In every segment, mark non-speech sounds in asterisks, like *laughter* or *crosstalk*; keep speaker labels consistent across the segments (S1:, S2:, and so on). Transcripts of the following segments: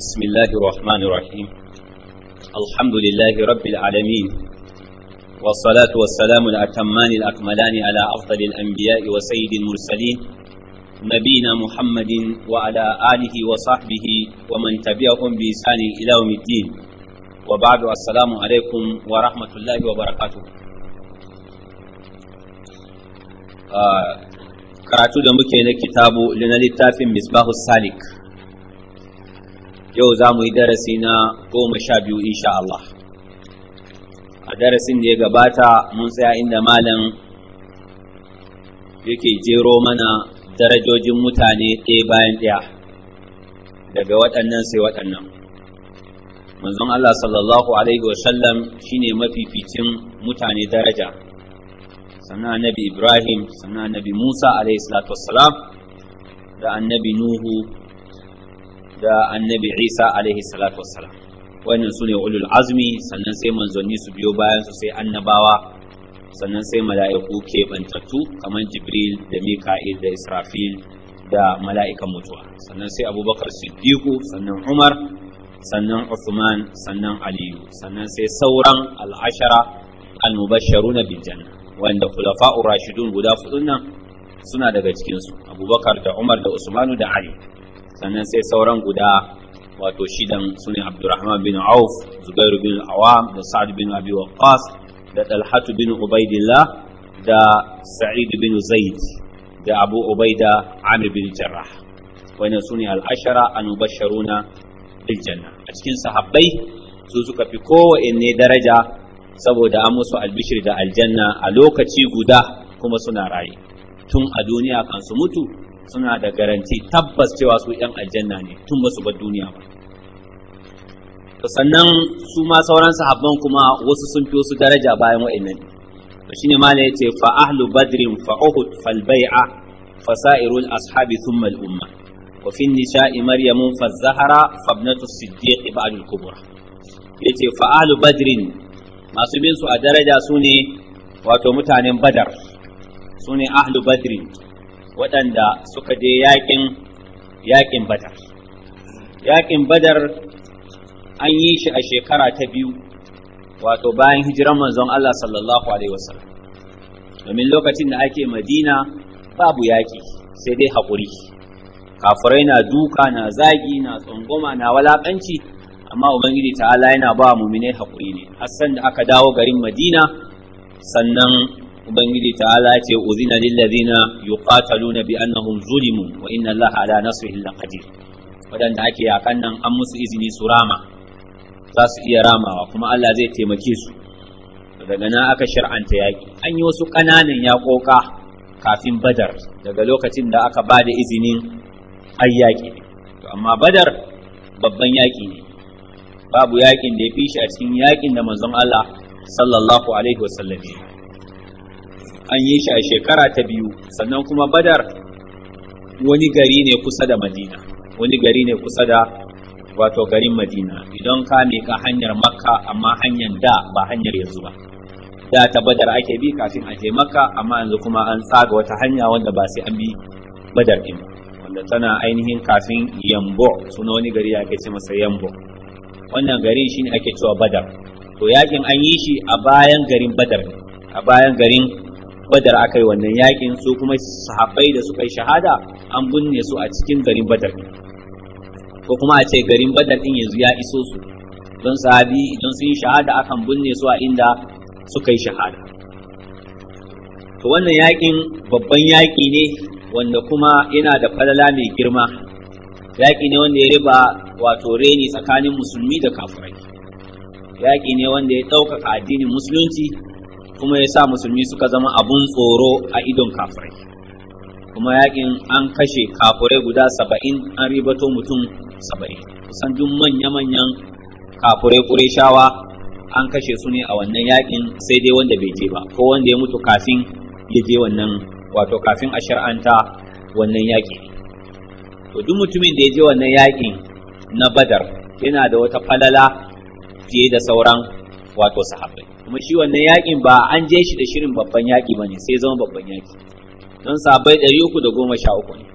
S1: بسم الله الرحمن الرحيم الحمد لله رب العالمين والصلاة والسلام الأتمان الأكملان على أفضل الأنبياء وسيد المرسلين نبينا محمد وعلى آله وصحبه ومن تبعهم بإحسان إلى يوم الدين وبعد السلام عليكم ورحمة الله وبركاته آه karatu da muke na kitabu na littafin misbahu salik yau za mu yi darasi na goma sha biyu insha Allah a darasin da ya gabata mun tsaya inda malam yake jero mana darajojin mutane ɗaya bayan ɗaya daga waɗannan sai waɗannan manzon Allah sallallahu alaihi wasallam shine mafificin mutane daraja sannan annabi Ibrahim sannan annabi Musa alaihi da annabi Nuhu da annabi isa alaihi salatu wassalam wannan su ne ulul azmi sannan sai manzanni su biyo bayan su sai annabawa sannan sai mala'iku keɓantattu kamar jibril da mika'il da israfil da mala'ikan mutuwa sannan sai abubakar siddiqu sannan umar sannan Usman sannan Aliyu sannan sai sauran al'ashara al-mubashsharuna bil janna wanda khulafa'ur rashidun guda fudun nan suna daga cikinsu Abubakar da Umar da Usmanu da Ali sannan sai sauran guda wato shidan su abdurrahman bin auf zubairu bin awam da sa'ad bin abi waqqas da talhatu bin ubaidillah da sa'id bin zaid da abu ubaida amir bin jarrah Wani su al'ashara an mubashsharuna bil janna a cikin sahabbai su suka fi kowanne daraja saboda an musu albishir da aljanna a lokaci guda kuma suna raye tun a duniya kan su mutu suna da garanti tabbas cewa su ‘yan aljanna ne tun ba su bar duniya ba To sannan su ma sauran sahabban kuma wasu sun fi wasu daraja bayan wa'annan to ne ma ne yace fa ahlu badrin fa uhud fal bai'a fa sa'irul ashabi thumma al umma wa fi nisa'i maryam fa zahara fa ibnatu siddiq ba'd al kubra yace fa ahlu badrin masu bin su a daraja sune wato mutanen badar sune ahlu badrin waɗanda suka je yaƙin yaƙin badar yaƙin badar an yi shi a shekara ta biyu wato bayan hijiran manzon Allah sallallahu alaihi wasallam domin lokacin da ake madina babu yaƙi sai dai haƙuri kafirai na duka na zagi na tsangoma na walaƙanci amma ubangiji ta'ala yana ba muminai haƙuri ne hassan da aka dawo garin madina sannan ubangiji ta ce uzina lil ladina yuqataluna bi annahum zulimu wa inna allaha ala nasrihim laqadir wadanda ake yakan nan an musu izini su rama za su iya ramawa kuma Allah zai taimake su daga nan aka shar'anta yaki an yi wasu kananan yakoka kafin badar daga lokacin da aka ba da izinin ayyaki to amma badar babban yaƙi ne babu yaƙin da ya fi shi a cikin yakin da manzon Allah sallallahu alaihi wasallam an yi shi a shekara ta biyu sannan kuma badar wani gari ne kusa da madina wani gari ne kusa da wato garin madina idan ka miƙa hanyar makka amma hanyar da ba hanyar yanzu ba da ta badar ake bi kafin a je makka amma yanzu kuma an tsaga wata hanya wanda ba sai an bi badar din wanda tana ainihin kafin yambo suna wani gari ake ce masa yambo wannan garin shine ake cewa badar to yakin an yi shi a bayan garin badar a bayan garin badar aka yi wannan yakin su kuma sahabbai da suka yi shahada an binne su a cikin garin badar ko kuma a ce garin badar din yanzu ya iso su don sahabi idan sun yi shahada akan binne su a inda suka yi shahada to wannan yakin babban yaki ne wanda kuma yana da falala mai girma yaƙi ne wanda ya riba wato reni tsakanin musulmi da kafirai yaƙi ne wanda ya ɗaukaka addinin musulunci kuma ya sa musulmi suka zama abun tsoro a idon kafirai kuma yakin an kashe kafirai guda saba'in an ribato mutum saba'in kusan duk manya-manyan kafirai ƙureshawa an kashe su ne a wannan yakin sai dai wanda bai je ba ko wanda ya mutu kafin ya je wannan wato kafin a shar'anta wannan yaƙi to duk mutumin da ya je wannan yaƙin na badar yana da wata falala fiye da sauran wato sahabbai kuma shi wannan yakin ba an je shi da shirin babban yaki bane sai zama babban yaki don sahabbai ɗari uku da goma sha uku ne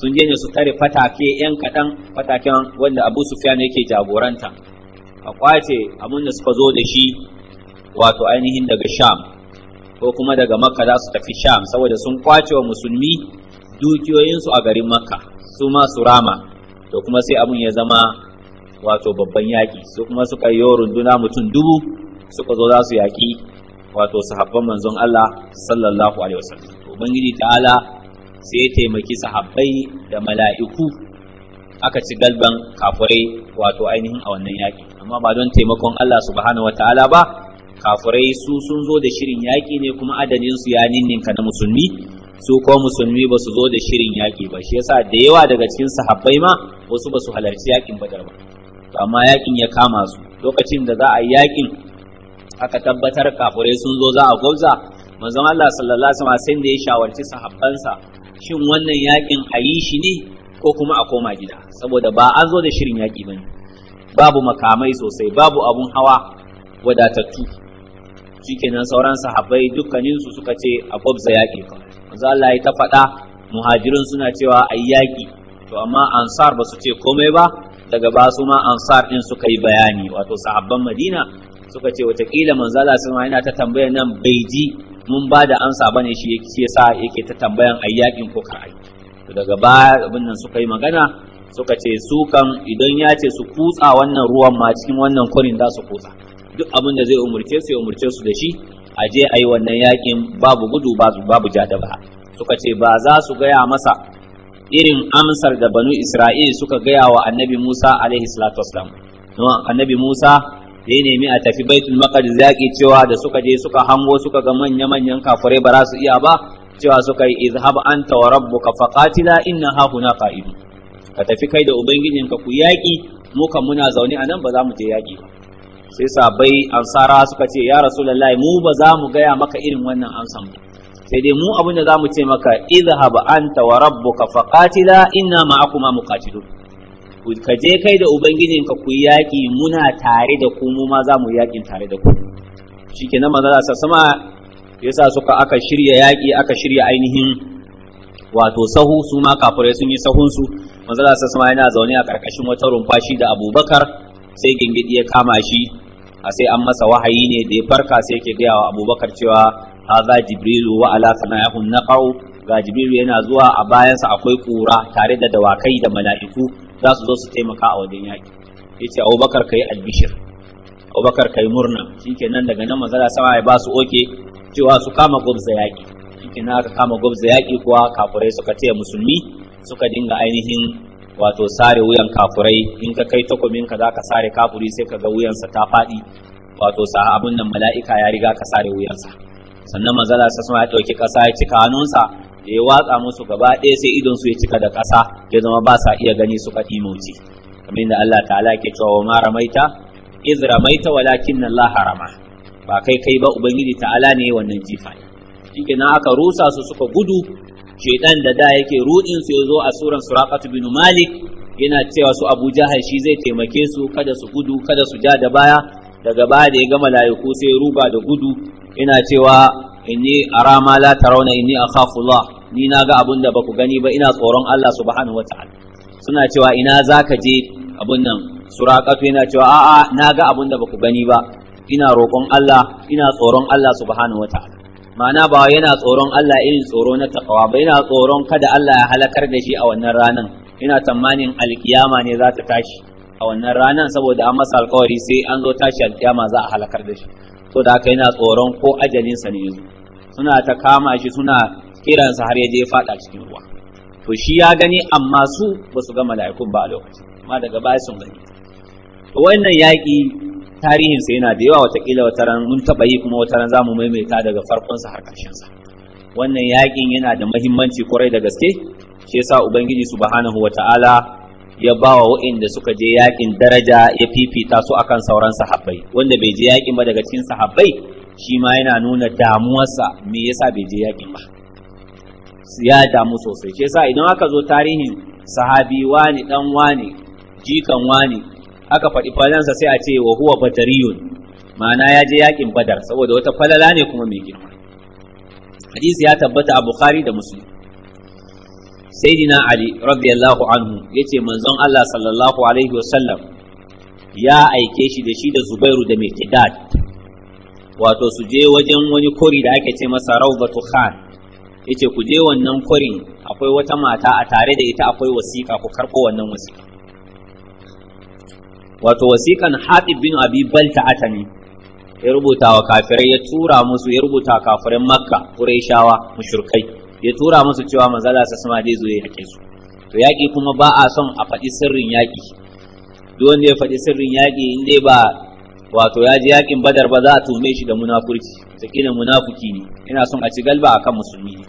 S1: sun je ne su tare fatake yan kaɗan fataken wanda abu sufyan yake jagoranta a kwace abun da suka zo da shi wato ainihin daga sham ko kuma daga makka za su tafi sham saboda sun kwace wa musulmi dukiyoyinsu a garin makka su ma su rama to kuma sai abun ya zama wato babban yaƙi su kuma suka yi runduna mutum dubu suka zo za su yaƙi wato sahabban manzon Allah sallallahu alaihi wasallam ubangiji ta'ala sai ya taimaki sahabbai da mala'iku aka ci galban kafurai wato ainihin a wannan yaƙi amma ba don taimakon Allah subhanahu wataala ba kafurai su sun zo da shirin yaƙi ne kuma adadin su ya ninninka na musulmi su ko musulmi ba su zo da shirin yaƙi ba shi yasa da yawa daga cikin sahabbai ma wasu ba su halarci yaƙin badar ba to amma yakin ya kama su lokacin da za a yi yakin aka tabbatar kafurai sun zo za a gwabza manzon Allah sallallahu alaihi wasallam sai da ya shawarci sahabbansa shin wannan yakin a yi shi ne ko kuma a koma gida saboda ba an zo da shirin yaki ne. babu makamai sosai babu abun hawa wadatattu shikenan sauran sahabbai dukkanin su suka ce a gwabza yaki manzo Allah ya ta faɗa muhajirin suna cewa ayi yaki to amma ansar ba su ce komai ba daga ba su ma ansar din suka yi bayani wato sahabban madina suka ce watakila manzala sun yana ta tambayar nan bai ji mun ba da ansa bane shi yake sa yake ta tambayan ayyakin ko ka to daga baya abin nan suka yi magana suka ce su kan idan ya ce su kutsa wannan ruwan ma cikin wannan kurin za su kutsa duk abin da zai umurce su ya umurce su da shi a je a yi wannan yakin babu gudu babu jada ba suka ce ba za su gaya masa irin amsar da banu Isra'il suka gaya wa annabi Musa alaihi salatu wassalam annabi Musa ya nemi a tafi baitul maqdis zaki cewa da suka je suka hango suka ga manya manyan kafirai ba za su iya ba cewa suka yi izhab anta wa rabbuka faqatila inna ha huna qa'id ka tafi kai da ka ku yaki mu kan muna zaune a nan ba za mu je yaki ba sai sabai ansara suka ce ya rasulullahi mu ba za mu gaya maka irin wannan amsan ba sai dai mu abin da za mu ce maka izhab anta wa rabbuka faqatila inna ma'akuma muqatilun ka je kai da ubangijinka ku yaki muna tare da ku mu ma za mu tare da ku shikenan manzo Allah sama yasa suka aka shirya yaki aka shirya ainihin wato sahu su ma kafirai sun yi sahun su manzo Allah sama yana zaune a karkashin wata rumfa shi da Abubakar sai gingidi ya kama shi a sai an masa wahayi ne da ya farka sai yake gaya wa Abubakar cewa haza jibrilu wa ala sama'ihun naqau ga jibrilu yana zuwa a bayansa akwai kura tare da dawakai da mala'iku za su zo su taimaka a wajen yaki yace abubakar kai albishir abubakar kai murna shikenan daga nan manzala sama ya ba su oke cewa su kama gwabza yaki shikenan aka kama gwabza yaki kuwa kafurai suka taya musulmi suka dinga ainihin wato sare wuyan kafurai in ka kai takumin ka zaka sare kafuri sai ka ga wuyansa ta faɗi wato sa abin nan mala'ika ya riga ka sare wuyansa sannan manzala sa ya ɗauki ƙasa ya cika hannunsa da ya watsa musu gaba ɗaya sai idon su ya cika da ƙasa ya zama ba sa iya gani suka ɗimauci kamar da Allah ta'ala ke cewa wa ma ramaita iz ramaita walakin Allah harama ba kai kai ba ubangiji ta'ala ne wannan jifa ne na aka rusa su suka gudu shaitan da da yake rudin su ya zo a suran suraqatu bin malik yana cewa su Abuja jahal shi zai taimake su kada su gudu kada su ja da baya daga baya da ya gama layuku sai ya ruga da gudu ina cewa inni arama ma la tarawna inni akhafullah ni na ga abin da baku gani ba ina tsoron Allah subhanahu wataala suna cewa ina zaka je abin nan suraqatu yana cewa a'a na ga abun da baku gani ba ina roƙon Allah ina tsoron Allah subhanahu wataala ma'ana ba yana tsoron Allah irin tsoro na takawa ba yana tsoron kada Allah ya halakar da shi a wannan ranan ina tsammanin alkiyama ne za ta tashi a wannan ranar saboda an masa alkawari sai an zo tashi alkiyama za a halakar da shi to da aka yana tsoron ko sa ne yanzu suna ta kama shi suna kiransa har ya je faɗa cikin ruwa to shi ya gani amma su ba su ga mala'ikun ba a lokaci amma daga baya sun gani to wannan tarihin tarihinsa yana da yawa watakila wata ran mun taɓa yi kuma wata ran za maimaita daga farkonsa har sa. wannan yaƙin yana da mahimmanci kwarai da gaske shi yasa ubangiji subhanahu wata'ala ya ba wa waɗanda suka je yakin daraja ya fifita su akan sauran sahabbai wanda bai je yakin ba daga cikin sahabbai shi ma yana nuna damuwarsa me yasa bai je yakin ba ya damu sosai shi yasa idan aka zo tarihin sahabi wani dan wani jikan wani aka faɗi falansa sai a ce wa huwa batariyun, ma'ana ya je yakin badar saboda wata falala ne kuma mai girma hadisi ya tabbata a bukhari da muslim sayyidina ali radiyallahu anhu yace manzon Allah sallallahu alaihi wasallam ya aike shi da shi da zubairu da miqdad wato su je wajen wani kori da ake ce masa rawdatu khan yace ku je wannan kori, akwai wata mata a tare da ita akwai wasiƙa ku karɓo wannan wasiƙa wato wasiƙan hatib bin abi balta ne, ya rubuta wa kafirai ya tura musu ya rubuta kafirin makka qurayshawa mushrikai ya tura musu cewa manzala sa sama dai zo ya yake su to yaƙi kuma ba a son a faɗi sirrin yaƙi duk wanda ya faɗi sirrin yaƙi in dai ba wato ya ji yaƙin badar ba za a tume shi da munafurci sakina munafuki ne ina son a ci galba akan musulmi ne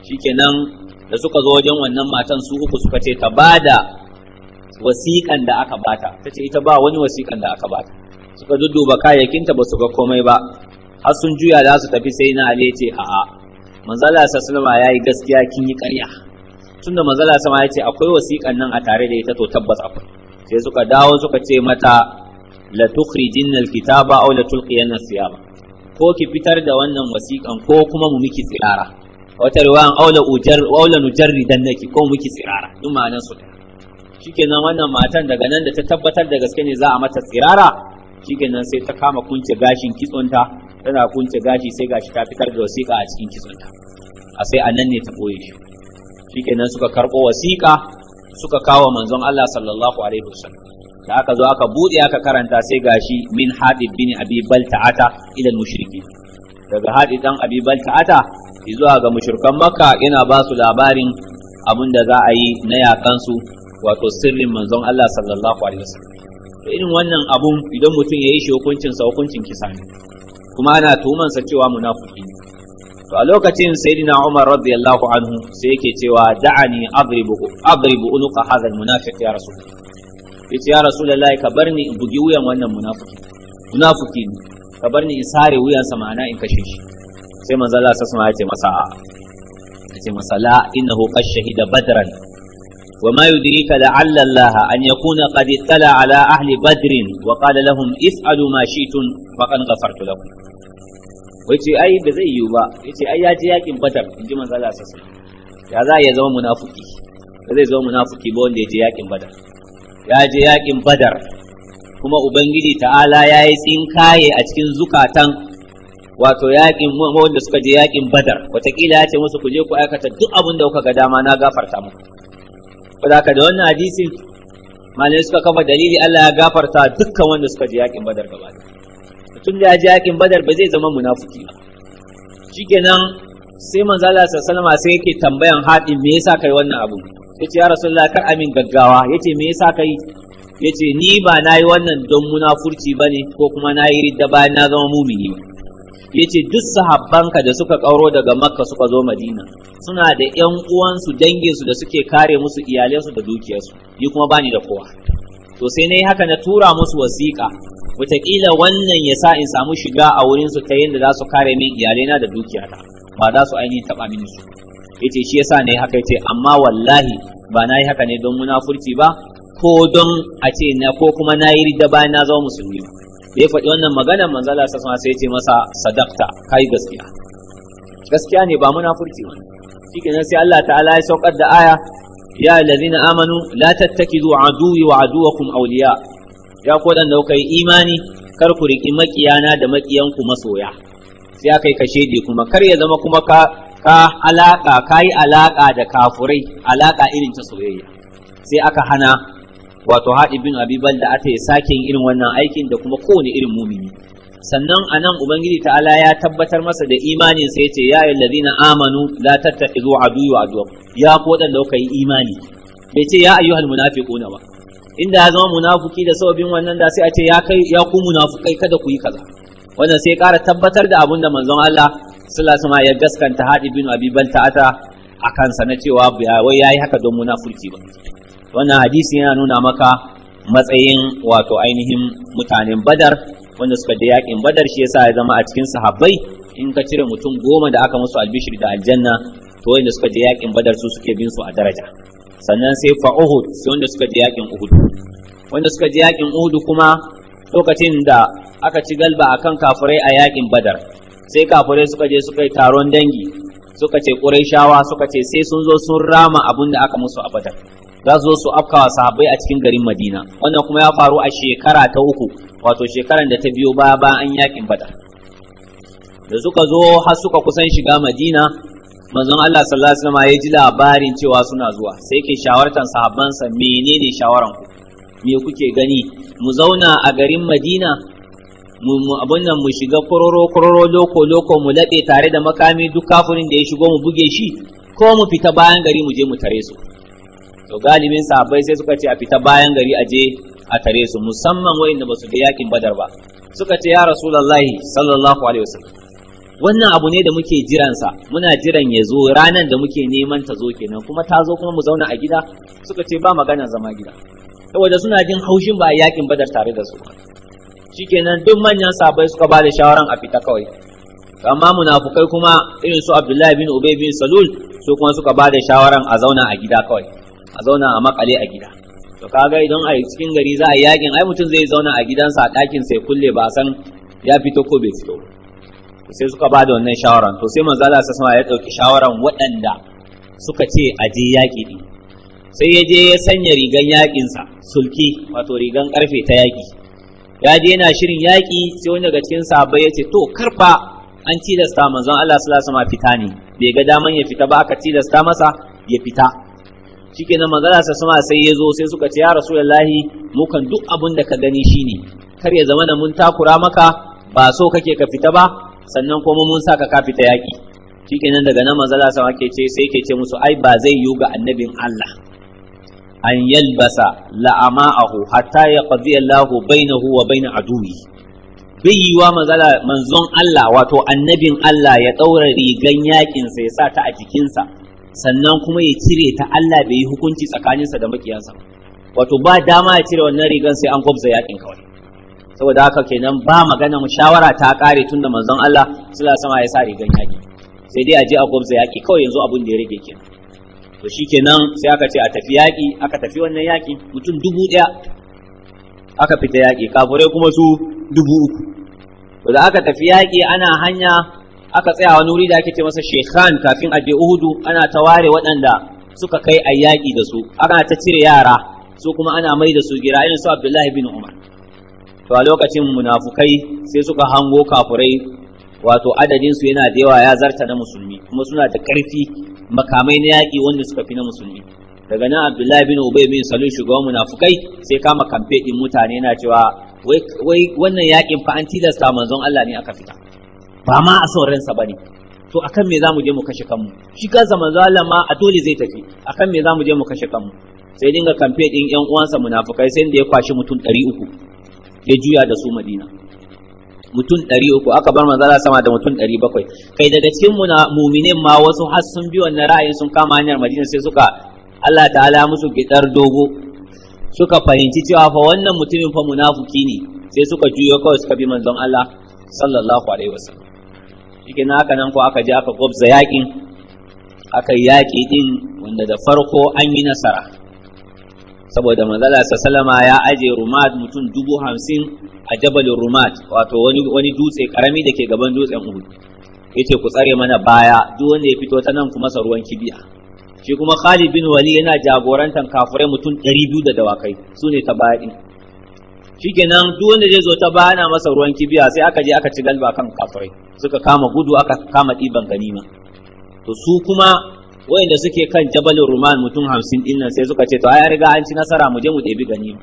S1: shikenan da suka zo wajen wannan matan su uku suka ce ta bada wasiƙan da aka bata ta ce ita ba wani wasiƙan da aka bata suka dudduba kayayyakinta ba su ga komai ba har sun juya za su tafi sai na ale ce a'a manzala sallama yayi gaskiya kin yi ƙarya tunda manzala sama ya ce akwai wasiƙan nan a tare da ita to tabbas akwai sai suka dawo suka ce mata la tukhrijin alkitaba aw la tulqiyan siyama ko ki fitar da wannan wasiƙan ko kuma mu miki tsirara wata riwayan la ujar aula dan naki ko mu miki tsirara duk ma'anar su shikenan wannan matan daga nan da ta tabbatar da gaske ne za a mata tsirara shikenan sai ta kama kunce gashin kitsonta tana kunce gashi sai gashi ta fitar da wasiƙa a cikin kitsonta a sai a nan ne ta ɓoye. shi kenan suka karɓo wasiƙa suka kawo manzon Allah sallallahu alaihi wasallam da aka zo aka buɗe aka karanta sai gashi min hadib bin abi balta'ata ila mushriki daga hadib dan abi balta'ata zuwa ga mushrikan makka yana ba su labarin abin da za a yi na yakan su wato sirrin manzon Allah sallallahu alaihi wasallam irin wannan abun idan mutum ya yi shi hukuncin sa hukuncin kisa ne kuma ana tuhumansa cewa munafiki to a lokacin sayyidina Umar radiyallahu anhu sai yake cewa da'ani adribu adribu unuqa hadha almunafiq ya rasul yace ya rasulullahi ka barni in bugi wuyan wannan munafiki munafiki ne ka barni in sare wuyansa ma'ana in kashe shi sai manzo Allah sallallahu alaihi wasallam ya ce masa ya ce masa la innahu qad badran وما يدريك لعل الله أن يكون قد اطلع على أهل بدر وقال لهم اسألوا ما شئتم فقد غفرت لكم ويتي أي بزي يوبا يتي أي ياتي ياكم بدر إن جمع صلى الله عليه وسلم هذا يزوم منافقي هذا يزوم منافقي بون يجي ياكم بدر يجي ياكم بدر kuma Ubangiji ta'ala ya yi tsinkaye a cikin zukatan wato yaƙin wanda suka je yaƙin badar wataƙila ya ce musu ku je ku aikata duk abin da kuka ga dama na gafarta muku Ka da wannan hadisin malai suka kafa dalili Allah ya gafarta dukkan wanda suka je yakin Badar gaba da. Mutum da ya je yakin Badar ba zai zama munafuki ba. Shikenan sai manzo Allah sallallahu alaihi sai yake tambayan hadin me yasa kai wannan abu? Yace ya Rasulullah kar amin gaggawa yace me yasa kai yace ni ba yi wannan don munafurci ba ne ko kuma nayi ridda bayan na zama mumini ba. yace duk sahabbanka da suka kauro daga makka suka zo madina suna da yan uwansu danginsu da suke kare musu iyalansu da dukiyarsu ni kuma bani da kowa to sai na yi haka na tura musu wasiƙa wataƙila wannan ya sa in samu shiga a wurinsu ta yadda za su kare min iyalaina da dukiyata ba za su ainihin taɓa mini su ya ce shi sa na yi haka ce amma wallahi ba na yi haka ne don munafurci ba ko don a ce na ko kuma na yi rida bayan na zama musulmi ya faɗi wannan maganar manzala sa sai ya ce masa sadaqta kai gaskiya gaskiya ne ba munafurci wani shikenan sai Allah ta'ala ya saukar da aya ya allazina amanu la tattakizu aduwi wa aduwakum awliya ya kuwa wadanda kai imani kar ku riki makiyana da makiyanku masoya sai aka yi kashe di kuma kar ya zama kuma ka ka alaka kai da kafurai alaƙa irin ta soyayya sai aka hana wato haɗi bin abi balda ata ya sake yin irin wannan aikin da kuma kowane irin mumini sannan a nan ubangiji ta'ala ya tabbatar masa da imanin sai ce ya ayyuhallazina amanu la tattakhidhu aduwwa aduwwa ya ku waɗanda kuka yi imani bai ce ya ayyuhal munafiquna ba inda ya zama munafuki da sababin wannan da sai a ce ya kai ya ku munafukai kada ku yi kaza wannan sai ƙara tabbatar da abin da manzon Allah sallallahu alaihi ya gaskanta hadi bin abi balta ata a kansa na cewa wai yayi haka don munafurci ba wannan hadisi yana nuna maka matsayin wato ainihin mutanen badar wanda suka da yakin badar shi yasa ya zama a cikin sahabbai in ka cire mutum goma da aka musu albishir da aljanna to wanda suka je yakin badar su suke bin su a daraja sannan sai fa uhud sai wanda suka je yakin uhud wanda suka je yakin uhud kuma lokacin da aka ci galba akan kafirai a yakin badar sai kafirai suka je suka yi taron dangi suka ce shawa suka ce sai sun zo sun rama abin da aka musu a badar za su zo su afkawa sahabbai a cikin garin Madina wannan kuma ya faru a shekara ta uku wato shekaran da ta biyo ba ba an yakin bada da suka zo har suka kusan shiga Madina manzon Allah sallallahu alaihi wasallam ya ji labarin cewa suna zuwa sai ke shawartan sahabbansa menene shawaran ku me kuke gani mu zauna a garin Madina mu abun nan mu shiga kororo kororo loko loko mu laɓe tare da makami duk kafirin da ya shigo mu buge shi ko mu fita bayan gari mu je mu tare su to galibin sahabbai sai suka ce a fita bayan gari a je a tare su musamman wayanda da basu ga yakin badar ba suka ce ya rasulullahi sallallahu alaihi wasallam wannan abu ne da muke jiransa muna jiran ya zo ranar da muke neman ta zo kenan kuma ta zo kuma mu zauna a gida suka ce ba magana zama gida saboda suna jin haushin ba a yakin badar tare da su shikenan duk manyan sabai suka ba da shawaran a fita kawai amma munafukai kuma irin su abdullahi bin ubay bin salul su kuma suka ba da shawaran a zauna a gida kawai a zauna a makale a gida to kaga idan a cikin gari za a yakin ai mutum zai zauna a gidansa a ɗakin sai kulle ba san ya fito ko bai fito sai suka ba da wannan shawaran to sai manzo Allah sama ya dauki shawaran waɗanda suka ce a je yaki din sai ya je ya sanya rigan yakin sa sulki wato rigan karfe ta yaki ya je yana shirin yaki sai wani daga cikin sahabbai ya ce to karfa an tilasta manzon Allah sallallahu alaihi wasallam fita ne bai ga daman ya fita ba aka tilasta masa ya fita nan magana sa sama sai ya zo sai suka ce ya rasulullahi mu kan duk abin da ka gani shine kar ya zama da mun takura maka ba so kake ka fita ba sannan kuma mun saka ka fita yaki nan daga nan manzala sa ke ce sai ke ce musu ai ba zai yiwu ga annabin Allah an yalbasa la'ama'ahu hatta ya qadi Allah bainahu wa bain aduwi bai wa wa manzon Allah wato annabin Allah ya daura rigan yaƙinsa ya sa ta a jikinsa sannan kuma ya cire ta Allah bai yi hukunci tsakaninsa da makiyansa wato ba dama ya cire wannan rigan sai an gwabza yakin kawai saboda haka kenan ba magana mu shawara ta kare tun da manzon Allah sallallahu wasallam ya sa rigan yaki sai dai a je a gwabza yaki kawai yanzu abun da ya rage kenan to shikenan sai aka ce a tafi yaki aka tafi wannan yaki mutum dubu daya aka fita yaki kafurai kuma su dubu uku to da aka tafi yaki ana hanya aka tsaya wani wuri da ake ce masa shekhan kafin a je uhudu ana ta ware waɗanda suka kai a yaƙi da su ana ta cire yara su kuma ana mai da su gira irin su abdullahi bin umar to a lokacin munafukai sai suka hango kafurai wato adadinsu yana da yawa ya zarta na musulmi kuma suna da ƙarfi makamai na yaƙi wanda suka fi na musulmi daga nan abdullahi bin ubay bin salu shugaban munafukai sai kama kamfe din mutane yana cewa wai wannan yaƙin fa an tilasta manzon Allah ne aka fita ba ma a son ransa bane to akan me zamu je mu kashe kanmu shi kansa zaman zalama a dole zai tafi akan me zamu je mu kashe kanmu sai dinga kamfe din yan uwansa munafukai sai da ya kwashi mutum 300 ya juya da su Madina mutum 300 aka bar manzala sama da mutum 700 kai daga cikin muna muminin ma wasu har sun bi wannan ra'ayin sun kama hanyar Madina sai suka Allah ta'ala musu gidar dogo suka fahimci cewa fa wannan mutumin fa munafuki ne sai suka juyo kawai suka bi manzon Allah sallallahu alaihi wasallam cikin haka nan ko aka je aka gwabza yaƙin aka yaƙi ɗin wanda da farko an yi nasara saboda manzala Salama ya aje rumad mutum dubu hamsin a jabalin rumad wato wani dutse karami da ke gaban dutsen uhud yace ku tsare mana baya duk wanda ya fito ta nan kuma ruwan kibiya shi kuma Khalid bin Wali yana jagorantar kafurai mutum biyu da dawakai su ne ta baya shikenan duk wanda zai zo ta bana masa ruwan kibiya sai aka je aka ci galba kan kafirai suka kama gudu aka kama ɗiban ganima to su kuma wayanda suke kan jabalin ruman mutum hamsin dinnan sai suka ce to ai riga an ci nasara mu je mu ɗebi ganima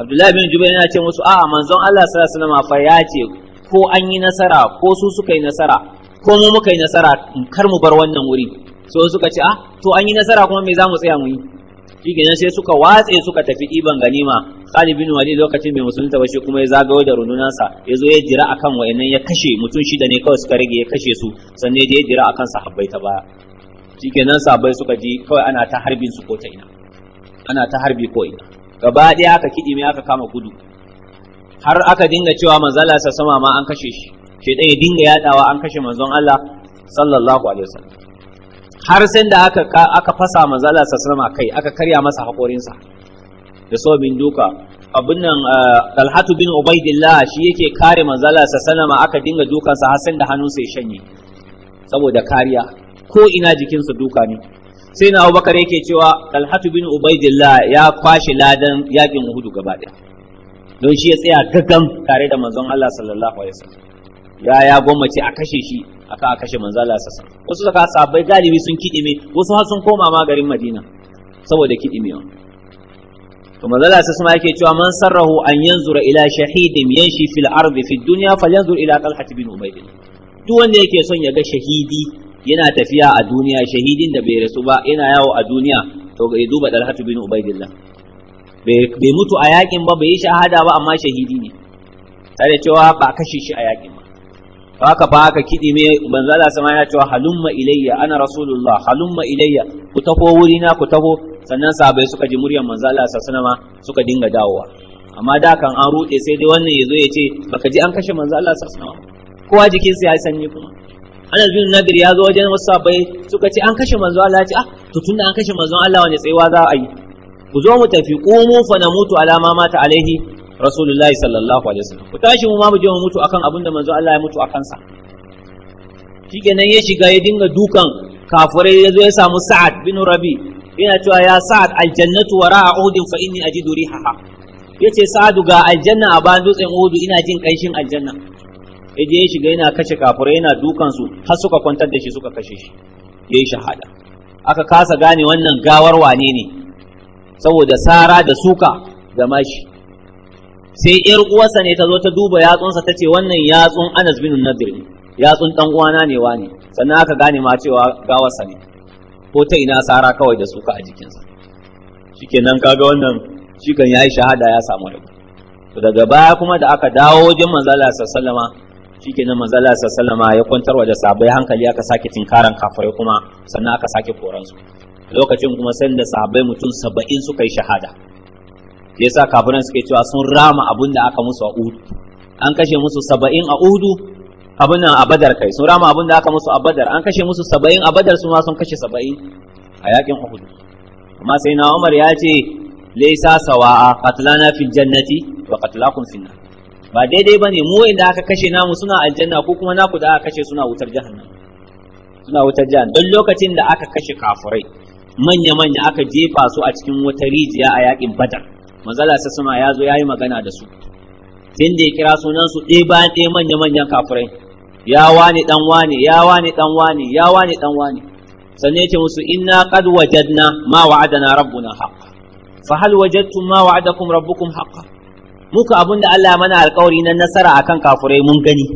S1: abdullahi bin jubair yana ce musu a'a manzon Allah sallallahu alaihi wasallam fa ya ce ko an yi nasara ko su suka yi nasara ko mu muka yi nasara kar mu bar wannan wuri so suka ce ah to an yi nasara kuma me za mu tsaya mu yi nan sai suka watse suka tafi ɗiban ganima Khalid bin Walid lokacin bai musulunta ba shi kuma ya zagayo da rundunansa ya zo ya jira akan wayannan ya kashe mutum shida ne kawai suka rage ya kashe su da ya jira akan sahabbai ta baya shikenan sahabbai suka ji kawai ana ta harbin su ko ta ina ana ta harbi ko ina gaba ɗaya aka kiɗi mai aka kama gudu har aka dinga cewa manzala sa sama ma an kashe shi shi ya dinga yadawa an kashe manzon Allah sallallahu alaihi wasallam har sai da aka aka fasa manzala sallama kai aka karya masa haƙorinsa da min duka abin nan eh, Talhatu bin Ubaidillah shi yake kare manzala sallama aka dinga dukansa har sai da hannunsa ya shanye saboda kariya ko ina jikinsa duka ne sai na Abubakar yake cewa Talhatu bin Ubaidillah ya kwashi ladan yakin hudu gaba ɗaya don shi ya tsaya gaggan tare da manzon Allah sallallahu alaihi wasallam ya ya gwammace a kashe shi aka a kashe manzo Allah sassa wasu saka sabai galibi sun kidime wasu har sun koma ma garin Madina saboda kidimewa to manzo Allah sassa yake cewa man sarrahu an yanzura ila shahidin yanshi fil ardi duniya dunya falyanzur ila talhat bin ubayd duk wanda yake son ya ga shahidi yana tafiya a duniya shahidin da bai rasu ba yana yawo a duniya to ga duba talhat bin ubaydillah bai mutu a yakin ba bai yi shahada ba amma shahidi ne tare cewa ba kashe shi a yakin ba haka fa haka kidi me manzo Allah sama ya cewa halumma ilayya ana rasulullah halumma ilayya ku taho wuri na ku taho sannan sahabbai suka ji muryar manzo Allah sallallahu alaihi suka dinga dawowa amma da kan an rude sai dai wannan yazo ya ce baka ji an kashe manzo Allah sallallahu alaihi kowa jikin sa ya sanye kuma Anas bin Nadir ya zo wajen wasu sahabbai suka ce an kashe manzo Allah ya ce ah to tunda an kashe manzo Allah wani tsayuwa za a yi ku zo mu tafi ku mu fa namutu ala ma mata alaihi rasulullahi sallallahu alaihi wasallam ku tashi mu ma mu je mu mutu akan abin manzo Allah ya mutu akan sa shikenan ya shiga ya dinga dukan kafirai ya zo ya samu Sa'ad bin Rabi yana cewa ya Sa'ad aljannatu wara udu fa inni ajidu rihaha yace Sa'adu ga aljanna a bayan dutsen udu ina jin kanshin aljanna yaje ya shiga yana kashe kafirai yana dukan su har suka kwantar da shi suka kashe shi yayi shahada aka kasa gane wannan gawar wane ne saboda sara da suka da mashi sai yar uwarsa ne ta zo ta duba yatsunsa ta ce wannan yatsun Anas bin Nadir ne yatsun dan uwana ne wani sannan aka gane ma cewa gawarsa ne ko ta ina sara kawai da suka a jikinsa shikenan kaga wannan kan yayi shahada ya samu rabu to daga baya kuma da aka dawo wajen manzo Allah sallallahu alaihi wasallam shikenan manzo Allah sallallahu alaihi wasallam ya wa da sabai hankali aka sake tinkaran kafirai kuma sannan aka sake koransu lokacin kuma sai da sahabbai mutum saba'in suka yi shahada shi yasa kafiran suke cewa sun rama abin da aka musu a Uhud an kashe musu 70 a Uhud abin nan a Badar kai sun rama abin da aka musu a Badar an kashe musu 70 a Badar su ma sun kashe 70 a yakin Uhud amma sai na Umar ya ce laysa sawa'a qatlana fil jannati wa qatlakum fil nar ba daidai bane mu inda aka kashe namu suna aljanna ko kuma naku da aka kashe suna wutar jahannam suna wutar jahannam don lokacin da aka kashe kafurai manya-manya aka jefa su a cikin wata rijiya a yakin Badar manzala sa sama ya zo ya yi magana da su tun da ya kira sunan su ɗaya bayan ɗaya manya manyan kafirai ya wani dan wani ya wani dan wani ya wani dan wani sannan ce musu inna qad wajadna ma wa'adana rabbuna haqq fa hal wajadtum ma wa'adakum rabbukum haqq muka abinda Allah mana alƙawari na nasara akan kafirai mun gani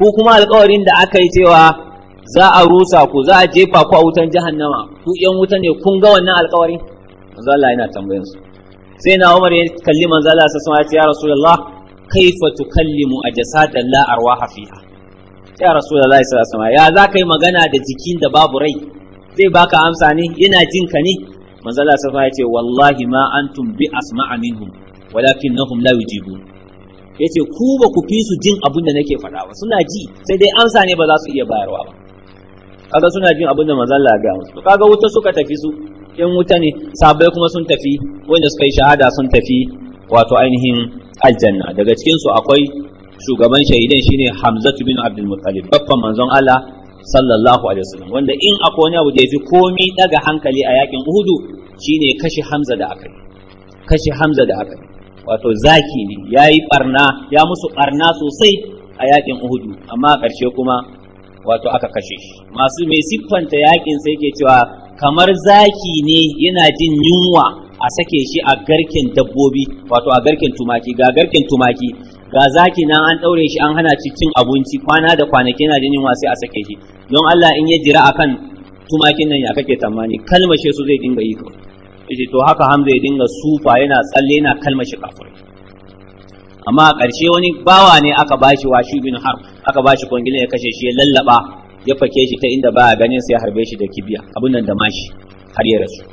S1: ko kuma alƙawarin da aka yi cewa za a rusa ku za a jefa ku a wutan jahannama ku yan wuta ne kun ga wannan alƙawarin manzo Allah yana tambayan su sai na umar ya kalli manzo Allah sallallahu alaihi wasallam ya rasulullah kaifa tukallimu ajasadan la arwaha fiha ya rasulullah sallallahu alaihi wasallam ya za kai magana da jikin da babu rai zai baka amsa ne yana jin ka ne manzo Allah sallallahu alaihi wasallam ya ce wallahi ma antum bi asma'a minhum walakinnahum la Ya yace ku ba ku fi su jin abin da nake faɗa ba suna ji sai dai amsa ne ba za su iya bayarwa ba kaga suna jin abin da manzo Allah ya ga musu kaga wuta suka tafi su in wuta ne sabai kuma sun tafi wanda suka yi shahada sun tafi wato ainihin aljanna daga cikin su akwai shugaban shahidan shine Hamzatu bin Abdul Muttalib babban manzon Allah sallallahu alaihi wasallam wanda in akwai wani abu da yafi komi daga hankali a yakin Uhudu shine kashe Hamza da akai kashe Hamza da akai wato zaki ne yayi barna ya musu barna sosai a yakin Uhudu amma a ƙarshe kuma wato aka kashe shi masu mai siffanta yakin sai ke cewa kamar zaki ne yana jin yunwa a sake shi a garken dabbobi wato a garken tumaki ga garken tumaki ga zaki nan an ɗaure shi an hana shi cin abinci kwana da kwanaki yana jin yunwa sai a sake shi don Allah in ya jira akan tumakin nan ya kake tamani kalmashe su zai dinga yi kawai to haka Hamza ya dinga sufa yana tsalle yana kalmashe kafur amma a ƙarshe wani bawa ne aka bashi washu bin har aka bashi kwangila ya kashe shi ya lallaba ya fake shi ta inda ba a ganin sai harbe shi da kibiya abin nan da mashi har ya rasu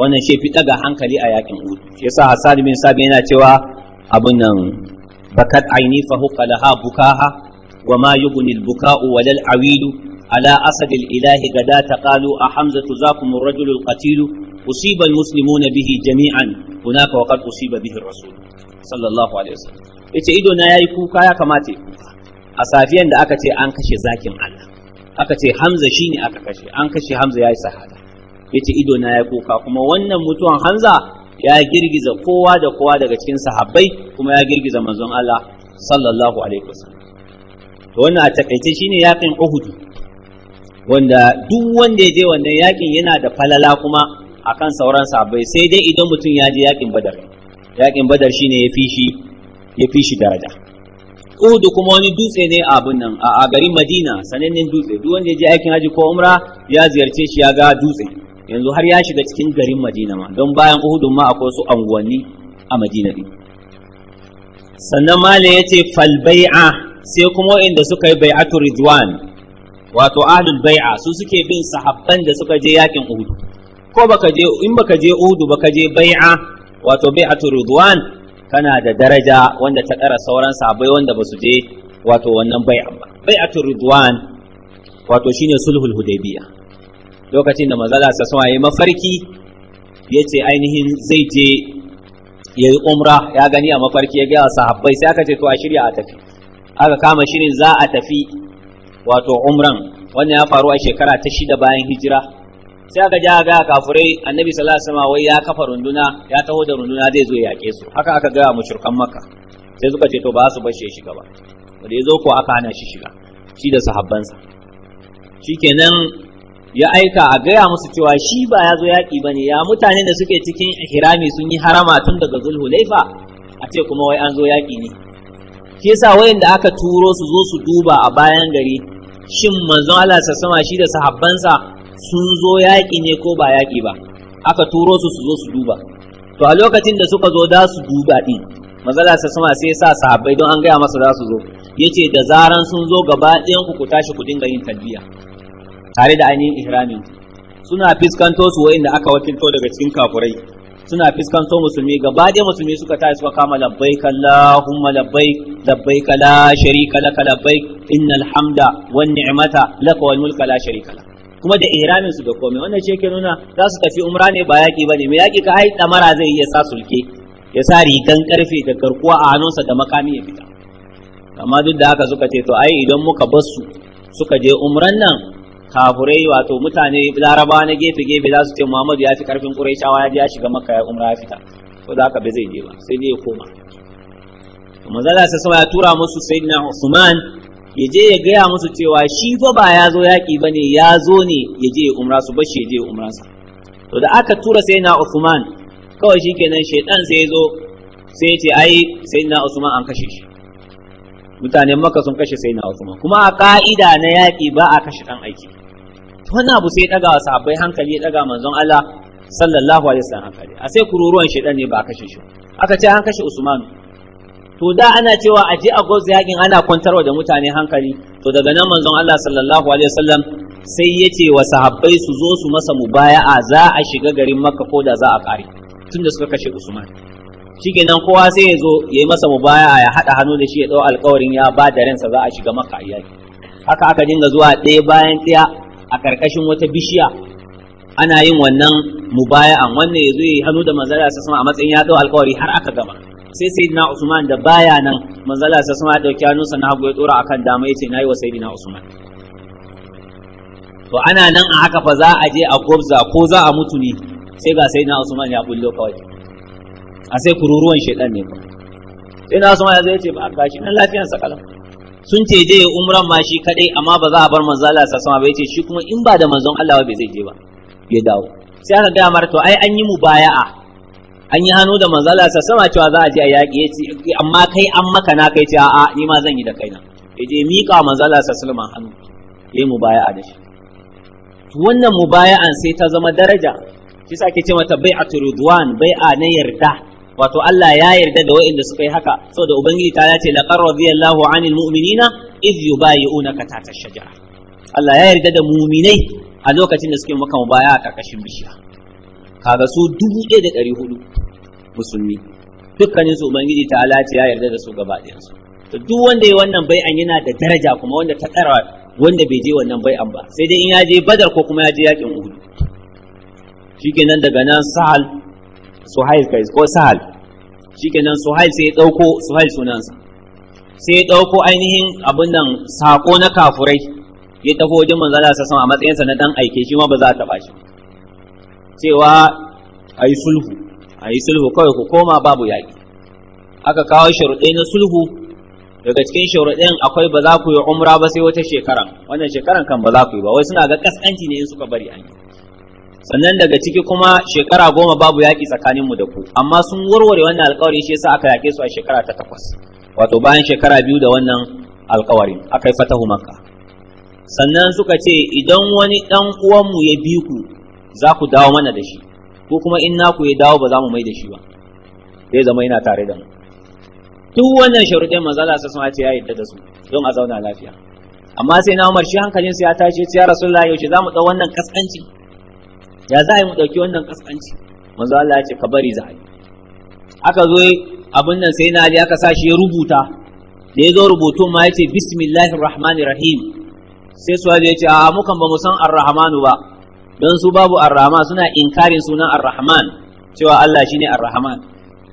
S1: wannan shi fi daga hankali a yakin uhud shi yasa hasan bin sabi yana cewa abin nan bakat aini fa bukaha wa ma yughni al buka'u wa al ala asad al ilahi gadata qalu a hamzatu zakum ar rajul al qatil usiba al muslimuna bihi jami'an hunaka wa qad usiba bihi ar rasul sallallahu alaihi wasallam yace ido na yayi kuka ya kamata a safiyan da aka ce an kashe zakin Allah aka ce hamza shine aka kashe an kashe hamza ya yi sahada ce ido na ya kuka kuma wannan mutuwan hamza ya girgiza kowa da kowa daga cikin sahabbai kuma ya girgiza manzon Allah sallallahu alaihi wasallam to wannan a takaice shine yaƙin Uhud wanda duk wanda ya je wannan yaƙin yana da falala kuma akan sauran sahabbai sai dai idan mutum ya je yaƙin Badar yaƙin Badar shine ya ya fi shi daraja Uhudu kuma wani dutse ne a abin nan a garin Madina sanannen dutse duk wanda ya je aikin haji ko umra ya ziyarce shi ya ga dutse yanzu har ya shiga cikin garin Madina ma don bayan Uhudun ma akwai su anguwanni a Madina din sannan mala yace fal bai'a sai kuma inda suka yi bai'atu ridwan wato ahlul bai'a su suke bin sahabban da suka je yakin Uhud ko baka je in baka je Uhud baka je bai'a wato bai'atu ridwan kana da daraja wanda ta kara sauran sabai wanda ba su je wato wannan bai ba a wato shine sulhul hudaibiya lokacin da mazala sa sama yi mafarki ya ce ainihin zai je ya yi umra ya gani a mafarki ya gaya sahabbai sai aka ce to a shirya a tafi aka kama shirin za a tafi wato umran wannan ya faru a shekara ta shida bayan hijira sai aka ja ga kafurai annabi sallallahu alaihi wasallam wai ya kafa runduna ya taho da runduna zai zo ya yake su haka aka ga mushrikan makka sai suka ce to ba su bashe shiga ba da yazo ko aka hana shi shiga shi da sahabbansa shikenan ya aika a gaya musu cewa shi ba ya zo yaƙi ba ne ya mutane da suke cikin hirami sun yi harama tun daga zulhulaifa a ce kuma wai an zo yaƙi ne Ke sa wayan da aka turo su zo su duba a bayan gari shin manzon Allah sassama shi da sahabbansa sun zo yaƙi ne ko ba yaƙi ba aka turo su su zo su duba to a lokacin da suka zo da su duba ɗi, mazala sa sama sai sa sahabbai don an gaya masa za su zo Ya ce da zaran sun zo gaba ɗayan ku ku tashi ku dinga yin talbiya tare da ainihin ihramin suna fiskanto su da aka wakilto daga cikin kafurai suna fiskanto musulmi gaba ɗaya musulmi suka tashi suka kama labbaik Allahumma labbai labbaik kala sharika laka labbaik innal hamda wan ni'mata laka wal mulka la sharika kala. kuma da ihramin su da komai wannan shi yake nuna za su tafi umra ne ba yaki bane mai yaki ka ai damara zai iya sa sulke ya sa rigan karfe da garkuwa a hannunsa da makami ya fita amma duk da haka suka ce to ai idan muka bar su suka je umran nan kafurai wato mutane larabawa na gefe gefe za su ce Muhammadu ya fi karfin Qurayshawa ya je ya shiga Makka ya umra ya fita ko da haka bai zai je ba sai dai ya koma manzo Allah sai ya tura musu sayyidina Usman ya je ya gaya musu cewa shi fa ba ya zo yaƙi ba ne ya zo ne ya je ya umra su bashi ya je ya umra su to da aka tura sai na Uthman kawai shi kenan shaidan sai ya zo sai ya ce ai sai na Uthman an kashe shi mutanen Makka sun kashe sai na Uthman kuma a ka'ida na yaƙi ba a kashe dan aiki to wannan abu sai ɗaga daga sahabbai hankali ya daga manzon Allah sallallahu alaihi wasallam hankali a sai kururuwan shaidan ne ba a kashe shi aka ce an kashe Usman to da ana cewa a je a gwauza yakin ana kwantarwa da mutane hankali to daga nan manzon Allah sallallahu alaihi wasallam sai ya ce wa sahabbai su zo su masa mubaya'a za a shiga garin makka ko da za a kare tunda suka kashe usman shikenan kowa sai ya zo ya yi masa mubaya'a ya haɗa hannu da shi ya ɗau alƙawarin ya ba da ransa za a shiga makka a haka aka dinga zuwa ɗaya bayan ɗaya a karkashin wata bishiya ana yin wannan mubaya'an wannan ya zo ya yi hannu da manzara sa sama a matsayin ya ɗau alkawari har aka gama sai sayyidina usman da baya nan manzala sai sama ya dauki hannunsa na hagu ya tsora akan dama yace nayi wa sayyidina usman to ana nan a haka fa za a je a gobza ko za a mutu ne sai ga sayyidina usman ya bullo kawai a sai kururuwan shedan ne Sai na usman ya zai ce ba gashi nan lafiyar sa kalam sun ce je ya umran ma shi kadai amma ba za a bar manzala sai sama ba yace shi kuma in ba da manzon Allah ba zai je ba ya dawo sai aka ga mar to ai an yi mubaya'a an yi hannu da manzala sa sama cewa za a je a yaƙi ya ce amma kai an maka na kai ce a'a ni ma zan yi da kaina ya je miƙa manzala sa sulma hannu ya yi mubaya'a da shi to wannan mubaya'an sai ta zama daraja shi sa ake ce mata bai'atu ridwan bai'a na yarda wato Allah ya yarda da wa'inda suka yi haka saboda ubangiji ta ce laqad radiyallahu 'anil mu'minina iz yubayi'unaka tahta shajara Allah ya yarda da mu'minai a lokacin da suke maka mubaya'a karkashin bishiya kaga su dubu ɗaya da ɗari hudu musulmi dukkanin su ubangiji ta alaci ya yarda da su gaba su. to duk wanda yayi wannan bai'an yana da daraja kuma wanda ta tsara wanda bai je wannan bai'an ba sai dai in ya je badar ko kuma ya je yakin uhud shikenan daga nan sahal suhail kai ko sahal shikenan suhail sai ya dauko suhail sunansa sai ya dauko ainihin abun nan sako na kafurai ya tafi wajen manzala sa sama a matsayinsa na dan aike shi ma ba za ta ba. cewa a yi sulhu a yi sulhu kawai ku koma babu yaƙi aka kawo sharuɗai na sulhu daga cikin sharuɗin akwai ba za ku yi umra ba sai wata shekaran wannan shekaran kan ba za ku yi ba wai suna ga kaskanci ne in suka bari an sannan daga ciki kuma shekara goma babu yaƙi tsakanin mu da ku amma sun warware wannan alƙawari shi yasa aka yaƙe su a shekara ta takwas wato bayan shekara biyu da wannan alƙawarin aka yi fatahu makka sannan suka ce idan wani ɗan uwanmu ya bi ku za ku dawo mana da shi ko kuma in naku ya dawo ba za mu mai da shi ba zai zama yana tare da mu duk wannan sharuɗin manzo Allah sai sama ce ya yadda da su don a zauna lafiya amma sai na Umar shi hankalin ya tashi ya Rasulullahi yaushe za mu dau wannan kaskanci ya za mu dauki wannan kaskanci manzo Allah ya ce ka bari zai aka zo abin nan sai na Ali aka sa shi ya rubuta da ya zo rubutun ma ya ce bismillahir rahmanir rahim sai su ya ce a mukan ba mu san ar-rahmanu ba don su babu arrama suna inkarin sunan arrahman cewa Allah shine arrahman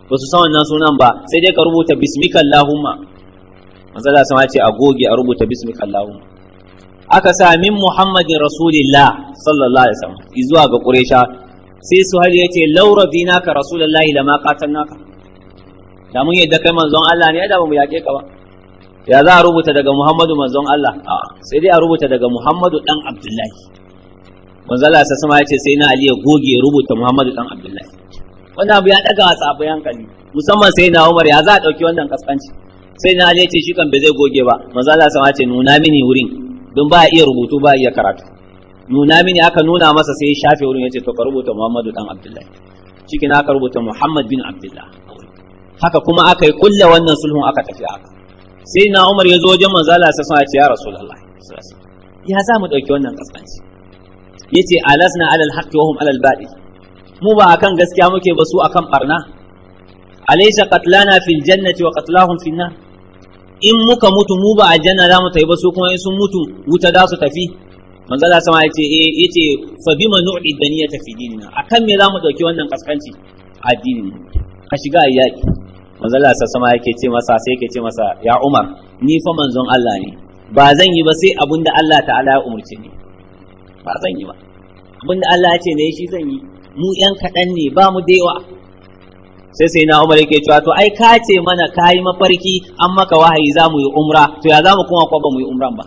S1: ba su san wannan sunan ba sai dai ka rubuta bismika allahumma manzala sama ce a goge a rubuta bismika aka sa min muhammadin rasulillah sallallahu alaihi wasallam zuwa ga quraisha sai su hali yace law radinaka rasulullahi lama qatalnaka da mun yadda kai manzon Allah ne da ba mu yake ka ba ya za a rubuta daga Muhammadu manzon Allah sai dai a rubuta daga Muhammadu dan Abdullahi Allah sa sama ya ce sai na ali ya goge rubuta muhammadu dan abdullahi wannan abu ya daga wa sahabbai hankali musamman sai na umar ya za a dauki wannan kaskanci sai na ali ya ce shi kan bai zai goge ba manzala sama ya ce nuna mini wurin don ba iya rubutu ba iya karatu nuna mini aka nuna masa sai ya shafe wurin ya ce to ka rubuta muhammadu dan abdullahi cikin aka rubuta muhammad bin abdullah haka kuma aka yi kulla wannan sulhun aka tafi haka sai na umar ya zo wajen manzala sa sama ya ce ya rasulullahi ya za mu dauki wannan kaskanci yace alasna alal haqqi wa hum alal batil mu ba akan gaskiya muke ba su akan barna alaysa qatlana fil jannati wa qatlahum fil nar in muka mutu mu ba janna za mu tafi ba su kuma in sun mutu wuta za su tafi manzala sama yace eh yace fa bima nu'id daniyata fi dinina akan me za mu dauki wannan kaskanci addinin ka shiga yaki manzala sama yake ce masa sai yake ce masa ya Umar ni fa manzon Allah ne ba zan yi ba sai abunda Allah ta'ala ya umurce ni ba zan yi ba abinda Allah ya ce ne shi zan yi mu ƴan kaɗan ne ba mu da yawa sai sai na umar yake cewa to ai ka ce mana ka yi mafarki an maka wahayi za mu yi umra to ya za mu kuma kwaba mu yi umran ba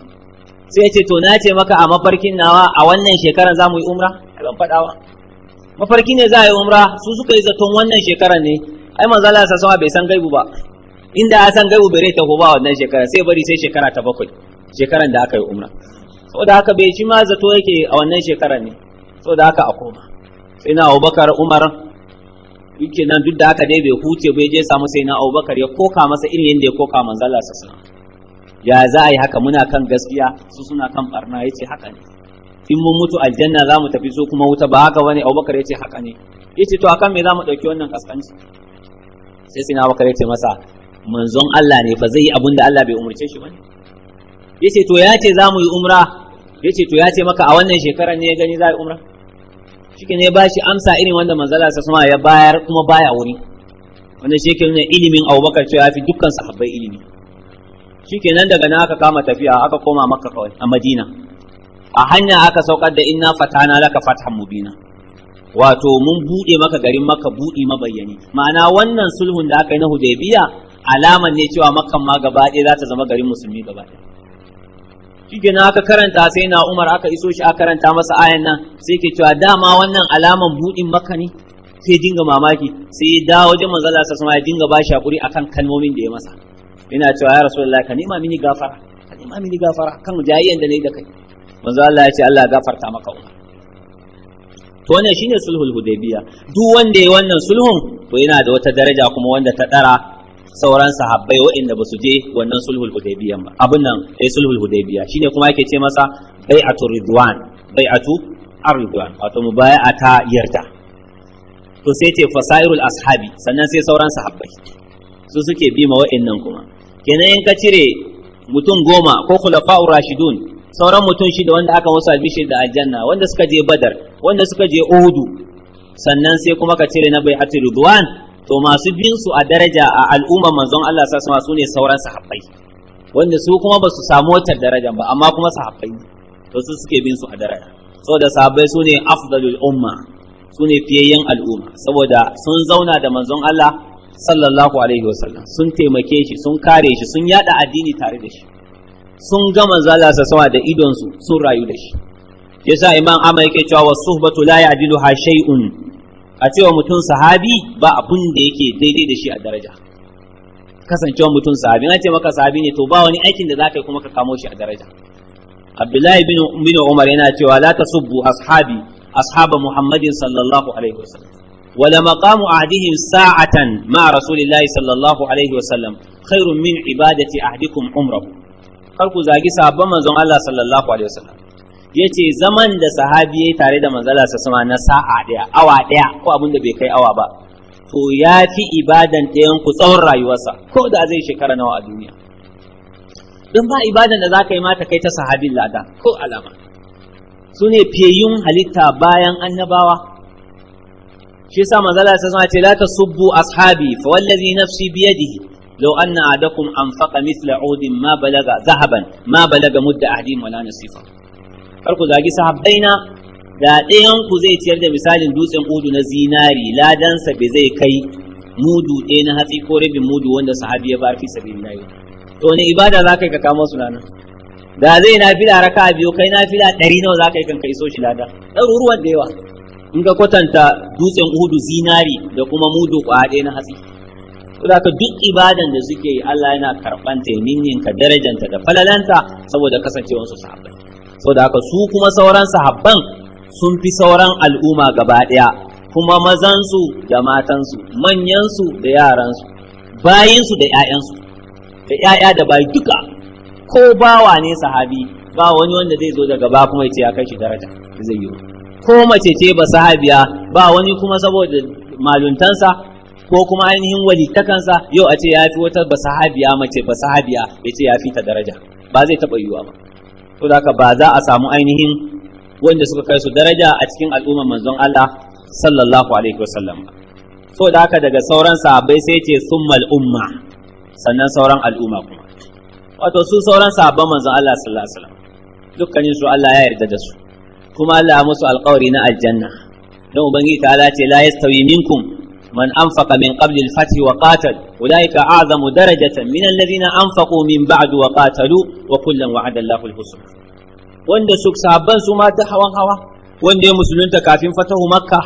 S1: sai ya ce to na ce maka a mafarkin nawa a wannan shekaran za mu yi umra ban faɗa ba mafarki ne za a yi umra su suka yi zaton wannan shekaran ne ai manzo Allah sa sama bai san gaibu ba inda a san gaibu bare ta ba wannan shekara sai bari sai shekara ta bakwai shekaran da aka yi umra saboda haka bai ci ma zato yake a wannan shekarar ne saboda haka a koma sai na Abubakar Umar yake nan duk da haka dai bai huce bai je samu sai na Abubakar ya koka masa irin yadda ya koka manzon Allah ya za a yi haka muna kan gaskiya su suna kan barna yace haka ne in mun mutu aljanna za mu tafi so kuma wuta ba haka bane Abubakar yace haka ne yace to akan me za mu dauki wannan kaskanci sai sai na Abubakar yace masa manzon Allah ne fa zai yi abin da Allah bai umurce shi bane yace to ya ce za mu yi umra yace to ya ce maka a wannan shekarar ne ya gani za a yi umra shi ne bashi amsa irin wanda manzala sa suma ya bayar kuma baya wuri wannan shi ke nuna ilimin Abubakar cewa fi dukkan sahabbai ilimi nan daga nan aka kama tafiya aka koma Makka kawai a Madina a hanya aka saukar da inna fatana laka fathan mubina wato mun buɗe maka garin maka buɗi mabayyani ma'ana wannan sulhun da aka yi na hudaybiya alaman ne cewa makan ma gaba ɗaya za ta zama garin musulmi gaba ɗaya na aka karanta sai na Umar aka iso shi aka karanta masa ayan nan sai ke cewa dama wannan alaman buɗin maka ne sai dinga mamaki sai ya dawo wajen manzo Allah sallallahu alaihi ya dinga bashi hakuri akan kalmomin da ya masa ina cewa ya rasulullah ka nema mini gafara ka nema mini gafara kan jayyan da nayi da kai manzo Allah ya ce Allah gafarta maka Umar to wannan shine sulhul hudaybiya duk wanda ya wannan sulhun to yana da wata daraja kuma wanda ta dara sauran sahabbai waɗanda ba su je wannan sulhul hudaybiya ba abin nan eh sulhul hudaybiya shine kuma yake ce masa bai'atu ridwan bai'atu ar-ridwan wato ta yarda to sai ce fasairul ashabi sannan sai sauran sahabbai su suke bi ma waɗannan kuma kenan in ka cire mutum goma ko khulafa'ur rashidun sauran mutum shida wanda aka musu albishir da aljanna wanda suka je badar wanda suka je uhudu sannan sai kuma ka cire na bai'atu ridwan to masu bin su a daraja a al'umma manzon Allah sa sama sauran sahabbai wanda su kuma ba su samu wancan daraja ba amma kuma sahabbai to su suke bin su a daraja saboda sahabbai sune afdalul umma sune fiyayyen al'umma saboda sun zauna da manzon Allah sallallahu alaihi wasallam sun taimake shi sun kare shi sun yada addini tare da shi sun ga manzo Allah sa sama da idon su sun rayu da shi yasa imam amma yake cewa wasuhbatu la ya'dilu ha shay'un a cewa mutum sahabi ba abun da yake daidai da shi a daraja kasancewa mutum sahabi na ce maka sahabi ne to ba wani aikin da zaka yi kuma ka kamo shi a daraja abdullahi bin umar yana cewa la tasubbu ashabi ashaba muhammadin sallallahu alaihi wasallam wala maqamu ahdihim sa'atan ma rasulillahi sallallahu alaihi wasallam khairun min ibadati ahdikum umrahu kar ku zagi sahabban manzon Allah sallallahu alaihi wasallam Ya ce zaman da sahabi yi tare da manzala sama na sa'a ɗaya, awa ɗaya, ko abin da bai kai awa ba to ya fi ibadan ɗayan ku tsawon rayuwarsa ko da zai shekara nawa a duniya don ba ibadan da za ka yi mata kai ta sahabin lada ko alama su ne feyun halitta bayan annabawa shi yasa manzala sa sama ce la tasubbu ashabi fa wallazi nafsi biyadihi لو أن أحدكم أنفق مثل عود ما بلغ ذهبا ما بلغ مد أحدهم ولا نصيفه kar ku zagi sahabbaina da ɗayan ku zai ciyar da misalin dutsen udu na zinari ladansa bai zai kai mudu ɗaya na hatsi ko rabin mudu wanda sahabi ya bar fi sabilillahi to ne ibada za ka yi ka kama su nan da zai na fila raka biyu kai na fila ɗari nawa za ka yi kan ka iso shi lada ɗaruruwan da yawa in ka kwatanta dutsen udu zinari da kuma mudu ƙwaya ɗaya na hatsi da ka duk ibadan da suke yi Allah yana karɓanta ya ka darajanta da falalanta saboda kasancewansu sahabbai saboda haka su kuma sauran sahabban sun fi sauran al'umma gaba ɗaya kuma mazansu da matansu manyansu da yaransu bayinsu da 'ya'yansu da 'ya'ya da bayi duka ko bawa ne sahabi ba wani wanda zai zo da ba kuma ya ce ya kai shi daraja zai yi ko mace ce ba sahabiya ba wani kuma saboda maluntansa ko kuma ainihin walittakansa yau a ce ya fi wata ba sahabiya mace ba sahabiya ya ce ya fi ta daraja ba zai taɓa yiwuwa ba to da ba za a samu ainihin wanda suka kai su daraja a cikin al'ummar manzon Allah sallallahu alaihi wasallam so da haka daga sauran sahabbai sai ce summal umma sannan sauran al'umma kuma wato su sauran sahabban manzon Allah sallallahu alaihi wasallam dukkanin su Allah ya yarda da su kuma Allah musu alƙawari na aljanna don ubangiji ta ce la yastawi minkum من أنفق من قبل الفتح وقاتل أولئك أعظم درجة من الذين أنفقوا من بعد وقاتلوا وكلا وعد الله الحسنى وند سوك سابان سما تحوان هوا وند مسلمين تكافين فتح مكة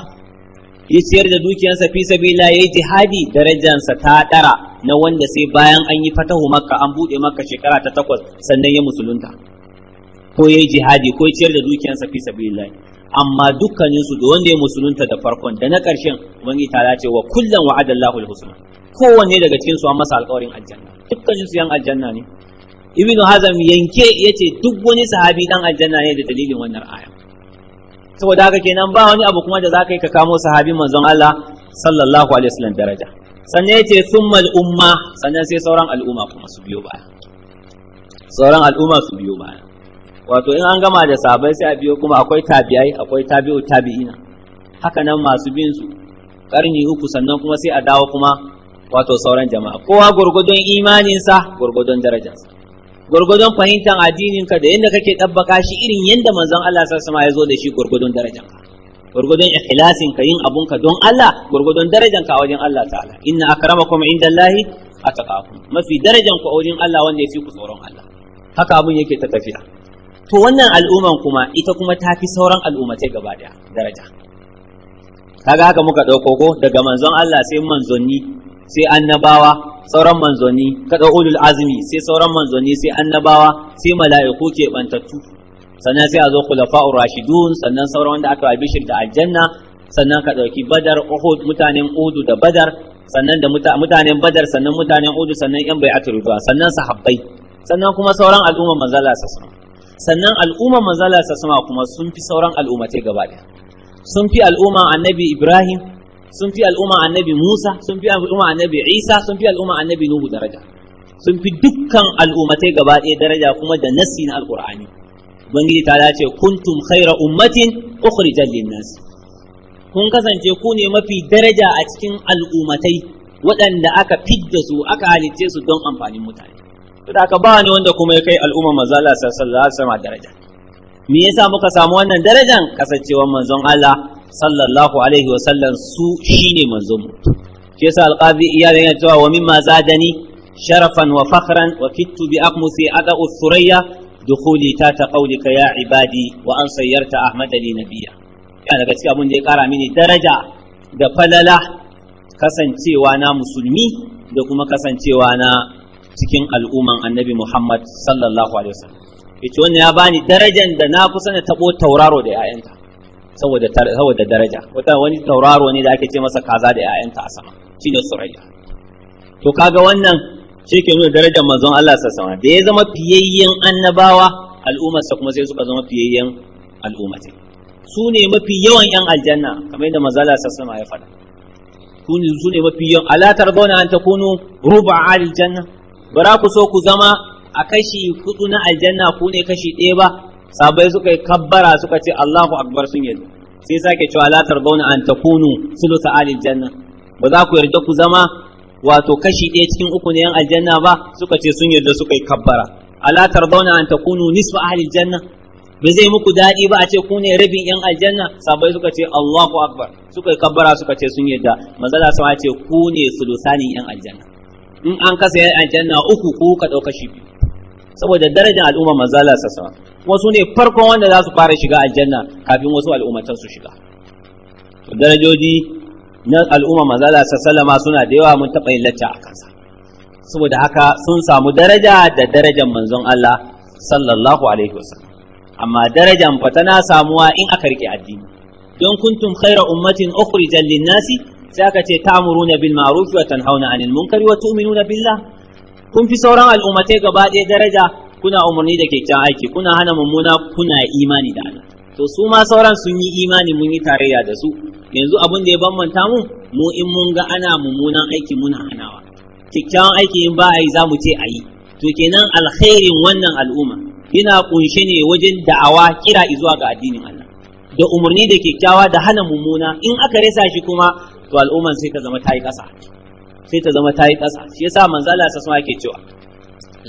S1: يسير da dukiyarsa fi sabila yayi jihadi darajansa ta ɗara, na wanda sai bayan an yi fatahu makka an buɗe makka shekara ta takwas sannan ya musulunta ko yayi jihadi ko ya ciyar da dukiyarsa fi amma dukkanin su da wanda ya musulunta da farkon da na karshen ubangi ta ce wa kullum wa'ada Allahul husna kowanne daga cikin su an masa alƙawarin aljanna dukkanin su yan aljanna ne ibnu hazam yanke yace duk wani sahabi dan aljanna ne da dalilin wannan aya saboda haka kenan ba wani abu kuma da zaka yi ka kamo sahabi manzon Allah sallallahu alaihi wasallam daraja sannan yace summal umma sannan sai sauran al'umma kuma su biyo baya sauran al'umma su biyo baya wato in an gama da sabai sai a biyo kuma akwai tabi'ai akwai tabi'u tabi'ina haka nan masu bin su karni uku sannan kuma sai a dawo kuma wato sauran jama'a kowa gurgudun imaninsa gurgudun darajarsa gurgudun fahimtar addininka da yadda kake tabbaka shi irin yadda manzon Allah sallallahu alaihi wasallam ya zo da shi gurgudun darajarka gurgudun ka yin abunka don Allah gurgudun darajarka a wajen Allah ta'ala inna akramakum indallahi atqakum mafi darajanku a wajen Allah wanda ya fi ku tsoron Allah haka abun yake ta tafiya to wannan al'umman kuma ita kuma ta fi sauran al'ummatai gaba da daraja kaga haka muka ɗauko ko daga manzon Allah sai manzonni sai annabawa sauran manzonni kada ulul azmi sai sauran manzonni sai annabawa sai mala'iku ke bantattu sannan sai a zo khulafa'ur rashidun sannan sauran wanda aka bishir da aljanna sannan ka ɗauki badar uhud mutanen udu da badar sannan da mutanen badar sannan mutanen udu sannan yan bai ridwa sannan sahabbai sannan kuma sauran al'umma manzala sa sannan al'umman manzala sa sama kuma sun fi sauran al'ummatai gaba ɗaya sun fi al'umma annabi ibrahim sun fi al'umma annabi musa sun fi al'umma annabi isa sun fi al'umma annabi nuhu daraja sun fi dukkan al'ummatai gaba ɗaya daraja kuma da nassi na alqur'ani ubangiji ta dace kuntum khaira ummatin ukhrijat lin-nas kun kasance ku ne mafi daraja a cikin al'ummatai waɗanda aka fidda su aka halicce su don amfanin mutane to da ka ba wanda kuma ya kai al'umma manzo Allah sallallahu alaihi wasallam daraja me yasa muka samu wannan darajan kasancewar manzon Allah sallallahu alaihi wasallam su shine manzon mu Ke yasa alqazi iyalin yana cewa wa mimma zadani sharafan wa fakhran wa kittu bi aqmusi ada'u thuraya dukhuli ta ta ya ibadi wa an sayyarta ahmada li nabiyya ya daga cikin abin da ya kara mini daraja da falala kasancewa na musulmi da kuma kasancewa na cikin al'umman annabi Muhammad sallallahu alaihi wasallam yace wannan ya bani darajar da na kusa na tabo tauraro da 'ya'yanta saboda saboda daraja wata wani tauraro ne da ake ce masa kaza da 'ya'yanta a sama shine surayya to kaga wannan shi ke nuna darajar manzon Allah sallallahu alaihi wasallam da ya zama fiyayyen annabawa al'ummar al'ummarsa kuma sai suka zama fiyayyen al'ummatai su ne mafi yawan 'yan aljanna kamar yadda manzala sallallahu alaihi wasallam ya faɗa su ne mafi yawan ala tarbawna an takunu ruba aljanna bara ku so ku zama a kashi hudu na aljanna ku ne kashi ɗaya ba sabai suka yi kabbara suka ce Allahu akbar sun yi sai sake cewa la tarbauna an takunu sulusa aljanna ba za ku yarda ku zama wato kashi ɗaya cikin uku ne yan aljanna ba suka ce sun yarda suka yi kabbara ala tarbauna an takunu nisfa alil janna ba zai muku daɗi ba a ce ku ne rabin yan aljanna sabai suka ce Allahu akbar suka yi kabbara suka ce sun yarda manzala sama ce ku ne sulusanin yan aljanna in an kasa yan aljanna uku ko ka ɗauka shi biyu saboda darajar al'umma manzala sassa wasu ne farkon wanda za su fara shiga aljanna kafin wasu al'ummatan su shiga To darajoji na al'umma manzala sallama suna da yawa mun taɓa yin lacca a kansa saboda haka sun samu daraja da darajar manzon Allah sallallahu alaihi wasallam amma darajar fa tana samuwa in aka rike addini don kuntum khaira ummatin ukhrijal lin-nasi sai aka ce na bin ma'ruf wa hauna 'anil munkari wa na billah kun fi sauran al'ummatai gaba ɗaya daraja kuna umarni da kyakkyawan aiki kuna hana mummuna kuna imani da Allah to su ma sauran sun yi imani mun yi tarayya da su yanzu abin da ya bambanta mu mu in mun ga ana mummunan aiki muna hanawa kyakkyawan aiki in ba a yi za mu ce a yi to kenan alkhairin wannan al'umma yana kunshe ne wajen da'awa kira zuwa ga addinin Allah da umarni da kyakkyawa da hana mummuna in aka rasa shi kuma to al'umman sai ta zama ta yi ƙasa sai ta zama ta yi ƙasa shi yasa manzo Allah sa yake cewa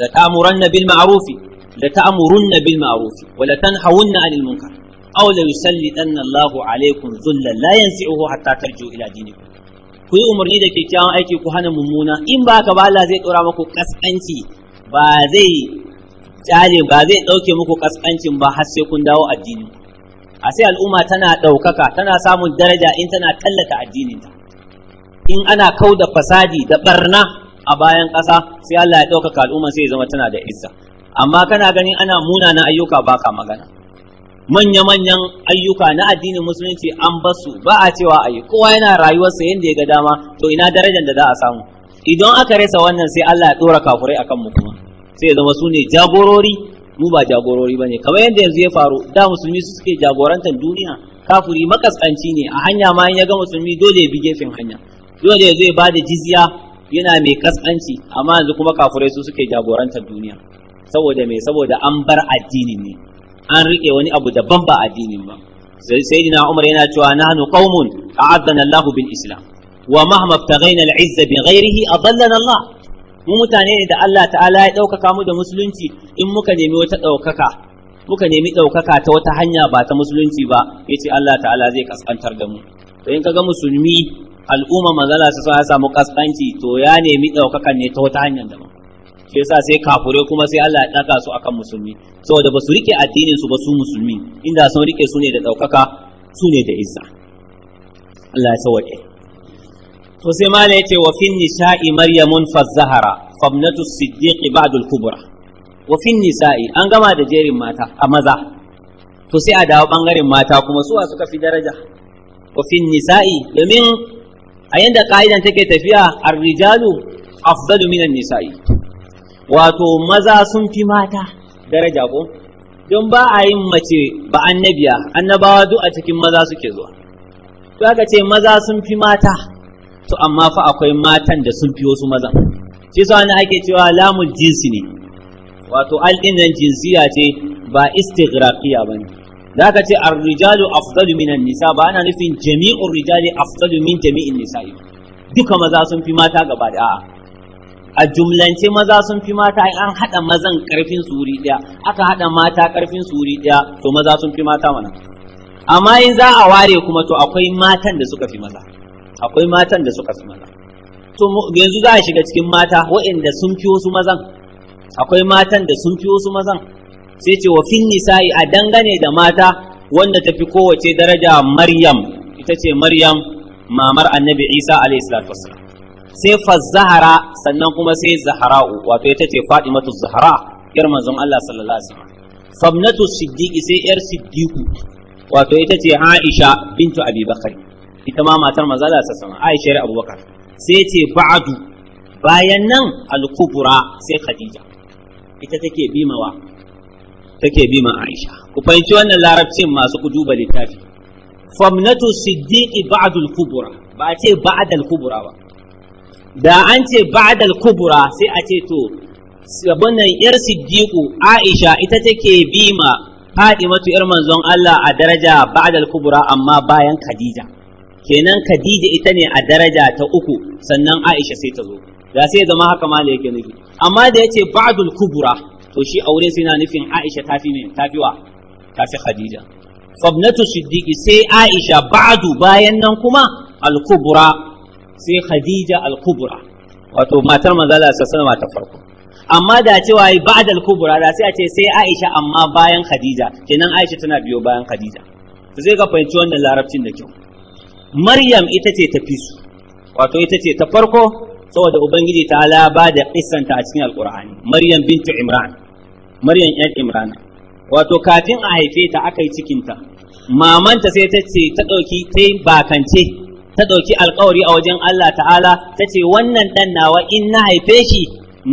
S1: la ta'muranna bil ma'ruf la ta'murunna bil ma'ruf wa la tanhawunna 'anil munkar aw la yusallitanna Allahu 'alaykum dhullan la yansi'uhu hatta tarju ila dinikum ku yi umarni da kyakkyawan aiki ku hana mummuna in ba ka ba Allah zai dora muku kaskanci ba zai tsare ba zai dauke muku kaskancin ba har sai kun dawo addini a sai al'umma tana ɗaukaka tana samun daraja in tana tallata addininta in ana kau da fasadi da barna a bayan ƙasa sai Allah ya ɗaukaka al'umma sai ya zama tana da izza amma kana ganin ana munana ayyuka baka magana manya-manyan ayyuka na addinin musulunci an basu ba a cewa ayi kowa yana rayuwarsa yadda ya ga dama to ina darajar da za a samu idan aka rasa wannan sai Allah ya ɗora kafurai akan mu kuma sai ya zama su ne jagorori mu ba jagorori bane kamar yadda yanzu ya faru da musulmi su suke jagorantar duniya kafuri makaskanci ne a hanya ma ya ga musulmi dole ya bi gefen hanya dole ya zai ya bada jizya yana mai kaskanci amma yanzu kuma kafurai su suke jagorantar duniya saboda me saboda an bar addini ne an rike wani abu daban ba addinin ba sayyidina umar yana cewa nahnu qaumun a'addana Allah bil islam wa mahma ibtaghayna al-izza bi ghayrihi adallana Allah mu mutane ne da Allah ta'ala ya ɗaukaka mu da musulunci in muka nemi wata ɗaukaka muka nemi ɗaukaka ta wata hanya ba ta musulunci ba ya ce Allah ta'ala zai kaskantar da mu to in kaga musulmi al'umma manzala su sa samu kaskanci to ya nemi ɗaukakan ne ta wata hanyar daban shi yasa sai kafure kuma sai Allah ya ɗaka su akan musulmi saboda ba su rike addinin su ba su musulmi inda sun rike su ne da ɗaukaka su ne da izza Allah ya sauke. to sai mala yace wa fin nisa'i maryamun fazahara famnatu siddiqi ba'du al-kubra wa fin nisa'i an gama da jerin mata a maza to sai a dawo bangaren mata kuma suwa suka fi daraja wa fin nisa'i domin a yanda ka'idan take tafiya ar-rijalu afdalu minan nisa'i wato maza sun fi mata daraja ko don ba a yin mace ba annabiya annabawa duk a cikin maza suke zuwa to aka ce maza sun fi mata to amma fa akwai matan da sun fi wasu mazan shi sa wani ake cewa lamul jinsi ne wato al'innan jinsiya ce ba istighraqiya bane da aka ce ar-rijalu afdalu minan nisa ba ana nufin jami'ur rijali afdalu min jami'in nisa'i duka maza sun fi mata gaba da a'a a jumlance maza sun fi mata an hada mazan karfin suri daya aka hada mata karfin suri daya to maza sun fi mata mana amma in za a ware kuma to akwai matan da suka fi maza akwai matan da suka fi maza to yanzu za a shiga cikin mata waɗanda sun fi wasu mazan akwai matan da sun fi wasu mazan sai ce wa fin nisa'i a dangane da mata wanda ta fi kowace daraja maryam ita ce maryam mamar annabi isa alayhi salatu wassalam sai fa zahara sannan kuma sai zahara'u wato ita ce fatimatu zahara yar manzon Allah sallallahu alaihi wasallam famnatu siddiqi sai yar siddiqu wato ita ce aisha bintu abi bakari ita ma matar maza Allah sallallahu alaihi Aisha da Abubakar sai ce ba'adu bayan nan al sai Khadija ita take bimawa take bima Aisha ku fahimci wannan larabcin masu kuduba littafi famnatu siddiqi ba'd al ba a ce ba'd kubura ba da an ce ba'd kubura kubra sai a ce to wannan yar siddiqu Aisha ita take bima mata yar manzon Allah a daraja ba'd kubura amma bayan Khadija kenan Khadija ita ne a daraja ta uku sannan Aisha sai ta zo ga sai zama haka ma yake nufi amma da yace ba'dul kubra to shi aure sai na nufin Aisha tafi ne tafi wa tafi Khadija sabnatu siddiqi sai Aisha ba'du bayan nan kuma al kubra sai Khadija al kubra wato matar manzo sallallahu alaihi ta farko amma da cewa yi ba'dal kubra da sai a ce sai Aisha amma bayan Khadija kenan Aisha tana biyo bayan Khadija to zai ga fahimci wannan larabcin da kyau maryam ita ce ta fi su wato ita ce ta farko saboda ubangiji ta ala ba da kissanta a cikin alqur'ani maryam bintu imran maryam yan imran wato kafin a haife ta aka yi cikinta mamanta sai ta ce ta ɗauki ta yi bakance ta ɗauki alƙawari a wajen Allah ta'ala ta ce wannan ɗan nawa in na haife shi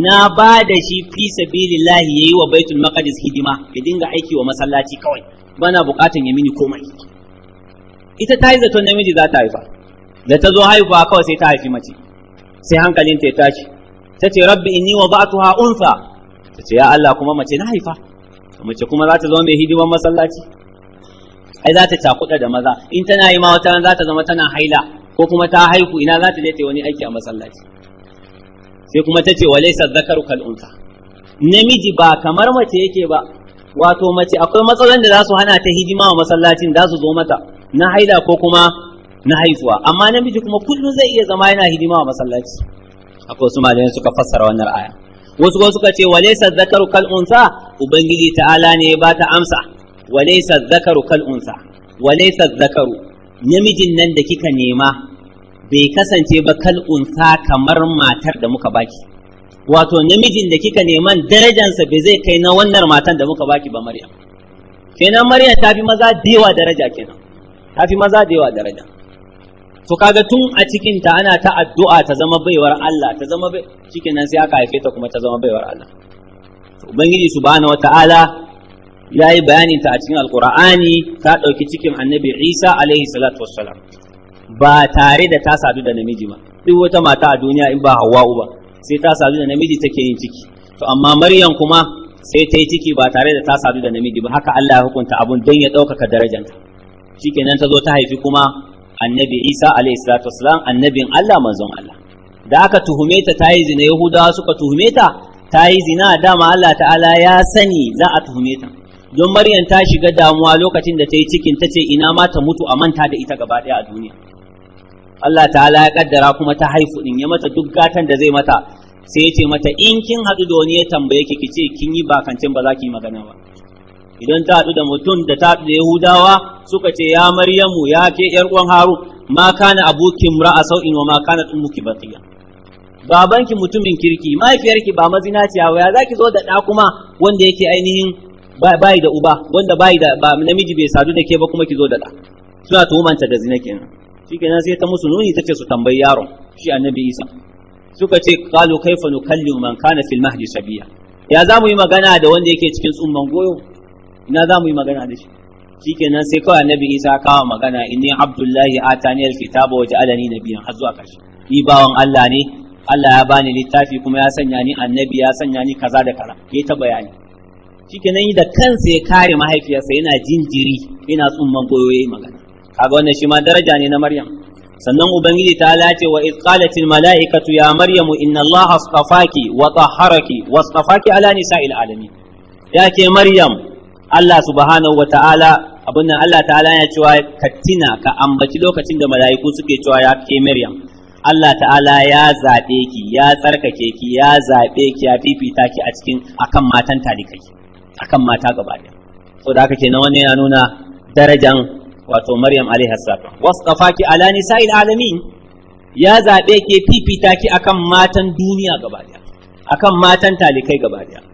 S1: na ba da shi fi sabilillahi yayi wa baitul maqdis hidima ya dinga aiki wa masallaci kawai bana buƙatan ya mini komai ita ta yi zaton namiji za ta haifa da ta zo haihuwa kawai sai ta haifi mace sai hankalin ta tashi ta ce rabbi inni wada'tuha unsa ta ce ya Allah kuma mace na haifa mace kuma za ta zama mai hidiman masallaci ai za ta cakuɗa da maza in tana yi ma wata za ta zama tana haila ko kuma ta haihu ina za ta je ta wani aiki a masallaci sai kuma ta ce wa laysa dhakaru kal unsa namiji ba kamar mace yake ba wato mace akwai matsalan da za su hana ta hidima wa masallacin za su zo mata na haila ko kuma na haihuwa amma namiji kuma kullum zai iya zama yana hidima wa masallaci akwai wasu malamai suka fassara wannan aya wasu kuma suka ce walaysa dhakaru kal unsa ubangiji ta'ala ne ba ta amsa walaysa dhakaru kal unsa walaysa dhakaru namijin nan da kika nema bai kasance ba kal unsa kamar matar da muka baki wato namijin da kika neman darajansa bai zai kai na wannan matan da muka baki ba maryam kenan maryam ta fi maza dewa daraja kenan ta fi maza da yawa daraja to kaga tun a cikin ta ana ta addu'a ta zama baiwar Allah ta zama bai nan sai aka haife ta kuma ta zama baiwar Allah to ubangiji subhanahu wataala ya yi bayanin ta a cikin alqur'ani ta dauki cikin annabi Isa alaihi salatu wassalam ba tare da ta sadu da namiji ba duk wata mata a duniya in ba Hawwa'u ba sai ta sadu da namiji take yin ciki to amma Maryam kuma sai ta yi ciki ba tare da ta sadu da namiji ba haka Allah ya hukunta abun don ya ɗaukaka darajanta shikenan ta zo ta haifi kuma annabi Isa alaihi salatu annabin Allah manzon Allah da aka tuhume ta ta yi zina Yahudawa suka tuhume ta ta yi zina dama Allah ta'ala ya sani za a tuhume ta don Maryam ta shiga damuwa lokacin da ta yi cikin ta ce ina mata mutu a manta da ita gaba daya a duniya Allah ta'ala ya kaddara kuma ta haifu ɗin ya mata duk gatan da zai mata sai ya ce mata in kin haɗu da wani ya tambaye ki ki ce kin yi bakancin ba za ki yi magana ba idan ta haɗu da mutum da ta haɗu da yahudawa suka ce ya maryamu ya ke ƴar uwan haru ma kana abokin mra'a sau'in wa ma kana ummuki baqiya babanki mutumin kirki mahaifiyarki ba mazinaciya ba ya zaki zo da ɗa kuma wanda yake ainihin bai da uba wanda bai da ba namiji bai sadu da ke ba kuma ki zo da ɗa suna tuhumanta da zina kenan shikenan sai ta musu nuni tace su tambayi yaron shi annabi isa suka ce qalu kaifa nukallimu man kana fil mahdi sabiya ya zamu yi magana da wanda yake cikin tsumman goyo ina za mu yi magana da shi shikenan sai kawai annabi isa kawo magana inni abdullahi atani alkitaba al'ani na biyan har zuwa karshe ni bawan Allah ne Allah ya bani littafi kuma ya sanya ni annabi ya sanya ni kaza da kaza yayi ta bayani shikenan da kansa ya kare mahaifiyarsa yana jinjiri yana tsumman koyoyi magana kaga wannan shi ma daraja ne na Maryam sannan ubangiji ta lace wa izqalatil mala'ikatu ya maryamu inna allaha astafaki wa tahharaki wastafaki ala nisa'il alamin ya ke maryam Allah subhanahu wa ta'ala abin nan Allah ta'ala ya cewa kattina ka ambaci lokacin da mala'iku suke cewa ya ke Maryam Allah ta'ala ya zaɓe ki ya tsarkake ki ya zaɓe ki ya fifita ki a cikin akan matan talikai akan mata gaba ɗaya so da haka kenan wannan ya nuna darajan wato Maryam alaiha salam wasqafaki ala nisa'il alamin ya zaɓe ki fifita ki akan matan duniya gaba ɗaya akan matan talikai gaba ɗaya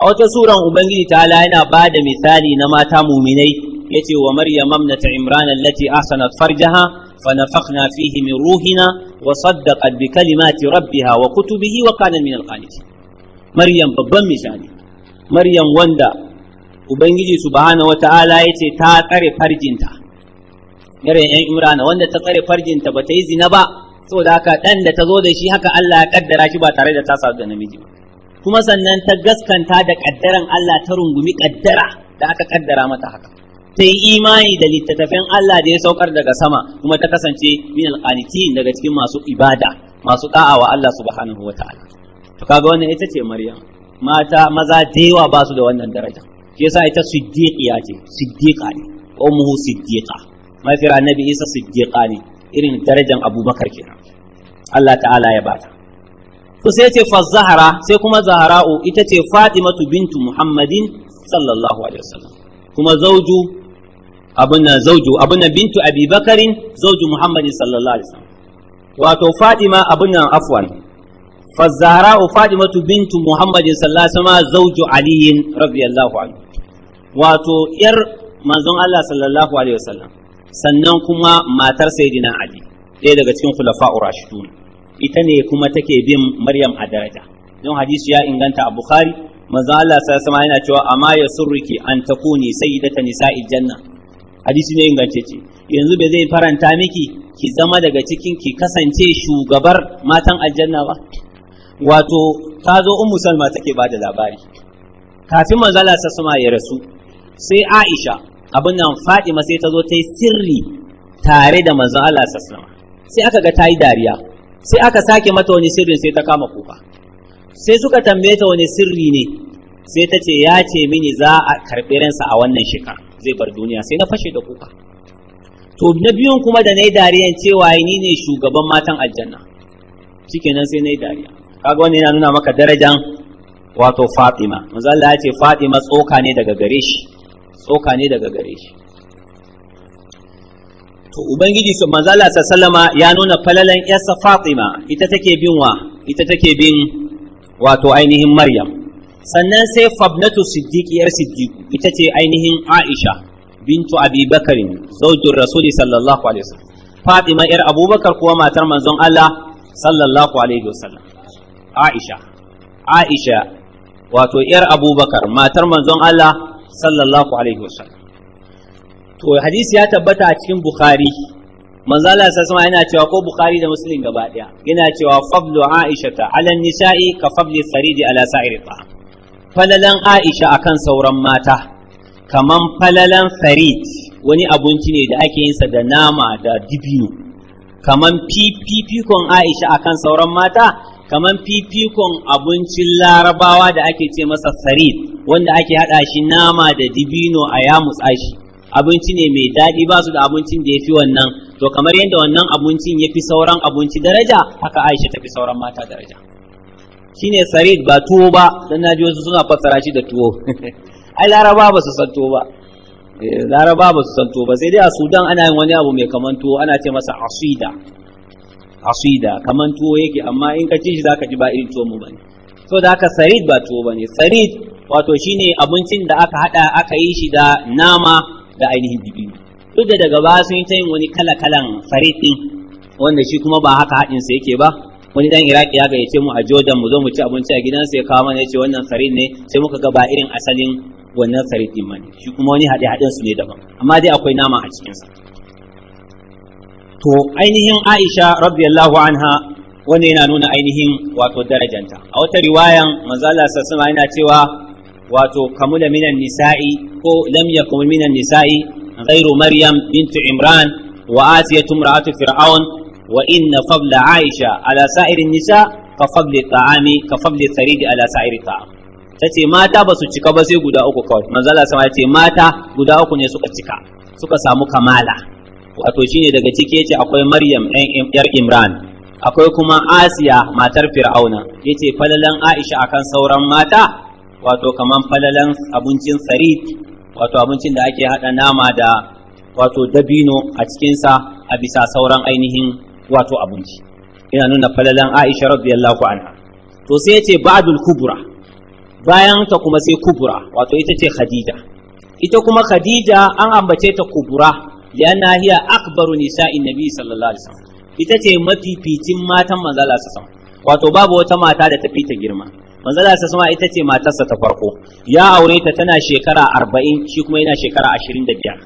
S1: a wata suran ubangiji ta ala yana ba da misali na mata muminai ce wa maryam mamnata imran allati ahsanat farjaha فنفخنا فيه من روحنا وصدقت بكلمات ربها وكتبه وكانت min القانتين Maryam babban misali maryam wanda ubangiji subhanahu wataala yace ta tsare farjinta irin yan imrana wanda ta tsare farjinta ba ta yi zina ba saboda haka dan da ta zo da shi haka Allah ya kaddara shi ba tare da ta sadu da namiji ba kuma sannan ta gaskanta da ƙaddaran Allah ta rungumi kaddara da aka kaddara mata haka ta yi imani da littattafan Allah da ya saukar daga sama kuma ta kasance min alqanitin daga cikin masu ibada masu da'a wa Allah subhanahu wataala to kaga wannan ita ce Maryam mata maza da yawa ba su da wannan daraja shi yasa ita siddiqiya ce siddiqa ne ummuhu siddiqa mahaifiyar annabi Isa siddiqa ne irin darajar Abubakar kenan Allah ta'ala ya bata to sai ce fa zahara sai kuma zahara'u ita ce fatimatu bintu muhammadin sallallahu alaihi wasallam kuma zauju abin zauju abin bintu abi bakarin zauju muhammadin sallallahu alaihi wasallam wato fatima abin nan afwan fa zahara'u fatimatu bintu muhammadin sallallahu alaihi wasallam zauju aliyin radiyallahu anhu wato yar manzon Allah sallallahu alaihi wasallam sannan kuma matar sayyidina ali ɗaya daga cikin khulafa'ur rashidun ita ne kuma take bin Maryam a daraja don hadisi ya inganta a Bukhari manzo Allah sallallahu yana cewa amma yasurriki an takuni sayyidata nisa'il janna hadisi ne ingance ce, yanzu bai zai faranta miki ki zama daga cikin ki kasance shugabar matan aljanna ba wato ta zo ummu salma take ba da labari kafin manzo Allah sallallahu ya rasu sai Aisha abin nan Fatima sai ta zo ta yi sirri tare da manzo Allah sallallahu sai aka ga ta yi dariya sai aka sake mata wani sirrin sai ta kama kuka sai suka tambaye ta wani sirri ne sai ta ce ya ce mini za a karɓi ransa a wannan shika zai bar duniya sai na fashe da kuka to na biyun kuma da na yi dariyan cewa ni ne shugaban matan aljanna shikenan sai na dariya kaga wannan yana nuna maka darajan wato fatima manzo Allah ya ce fatima tsoka ne daga gare shi tsoka ne daga gare shi to ubangiji su manzala sallama ya nuna falalan yarsa fatima ita take bin wa ita take bin wato ainihin maryam sannan sai fabnatu siddiqi yar Siddiqi, ita ce ainihin aisha bintu abi bakarin zaujin rasuli sallallahu alaihi wasallam fatima yar abubakar kuwa matar manzon allah sallallahu alaihi wasallam aisha aisha wato yar abubakar matar manzon allah sallallahu alaihi wasallam to hadisi ya tabbata a cikin bukhari manzo Allah sama yana cewa ko bukhari da muslim gaba daya yana cewa fadlu aisha ta ala nisa'i ka fadli saridi ala sa'iri ta falalan aisha akan sauran mata kaman falalan farid wani abinci ne da ake yinsa da nama da dibino kaman fifikon aisha akan sauran mata kaman fifikon abincin larabawa da ake ce masa sarid wanda ake haɗa shi nama da dibino a yamu tsashi. abinci ne mai daɗi ba su da abincin da ya fi wannan to kamar yadda wannan abincin ya fi sauran abinci daraja haka aisha ta fi sauran mata daraja shine sarid ba tuwo ba don na wasu suna fassara shi da tuwo *laughs* ai laraba ba su san tuwo ba eh, laraba ba su san tuwo ba sai dai a sudan ana yin wani abu mai kaman tuwo ana ce masa asida asida kaman tuwo yake amma in ka ci shi zaka ji ba irin tuwo mu bane so da haka sarid ba tuwo bane sarid wato shine abincin da aka hada aka yi shi da nama da ainihin dibi duk da daga baya sun yi ta yin wani kala-kalan fariti wanda shi kuma ba haka haɗinsa yake ba wani dan iraki ya ce mu a jordan mu zo mu ci abinci a gidan gidansa ya kawo mana ya ce wannan farid ne sai muka ga ba irin asalin wannan farid din mani shi kuma wani haɗe haɗin su ne daban amma dai akwai nama a cikinsa to ainihin aisha radiyallahu anha wannan yana nuna ainihin wato darajanta a wata riwayan manzala sassama yana cewa wato kamula minan nisa'i ko lam yakun minan nisa'i ghairu maryam bintu imran wa asiyatu imra'atu fir'aun wa inna fadla aisha ala sa'irin nisa ka fadli ta'ami ka fadli saridi ala sa'iri ta'am tace mata ba su cika ba sai guda uku kawai manzala sama ce mata guda uku ne suka cika suka samu kamala wato shine daga ciki yace akwai maryam yar imran akwai kuma asiya matar fir'auna yace falalan aisha akan sauran mata wato kaman falalan abincin sarid wato abincin da ake hada nama da wato dabino a cikinsa a bisa sauran ainihin wato abinci ina nuna falalan aisha radiyallahu anha to sai yace ba'dul kubra bayan ta kuma sai kubra wato ita ce khadija ita kuma khadija an ambace ta kubra lianna hiya akbaru nisa'in nabi sallallahu alaihi wasallam ita ce mafificin matan manzala sallallahu wato babu wata mata da ta fita girma manzala sa sama ita ce matarsa ta farko ya aure ta tana shekara arba'in shi kuma yana shekara ashirin da biyar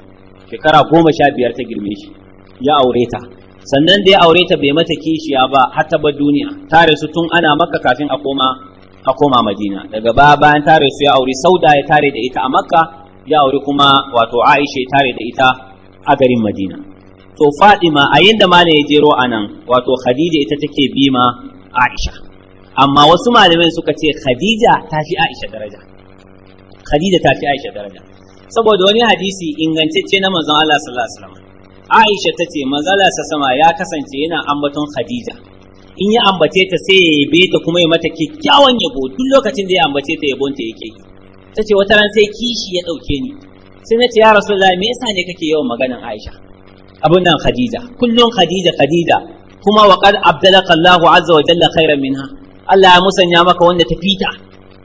S1: shekara goma sha biyar ta girme shi ya aure ta sannan da ya aure ta bai mata kishiya ba har ta bar duniya tare su tun ana maka kafin a koma a koma madina daga baya bayan tare su ya aure sauda ya tare da ita a makka ya aure kuma wato aisha ya tare da ita a garin madina to fadima a yadda malam ya jero a nan wato khadija ita take bima aisha amma wasu malamai suka ce Khadija ta fi Aisha daraja Khadija ta fi Aisha daraja saboda wani hadisi ingantacce na manzon Allah sallallahu alaihi wasallam Aisha ta ce manzon Allah sama ya kasance yana ambaton Khadija in ya ambace ta sai ya yabe ta kuma ya mata kyakkyawan yabo duk lokacin da ya ambace ta yabon ta yake ta ce wata ran sai kishi ya dauke ni sai na ce ya rasulullahi me yasa ne kake yawan maganan Aisha abun nan Khadija kullun Khadija Khadija kuma waqad abdalaka Allahu azza wa jalla khairan minha Allah ya musanya maka wanda ta fita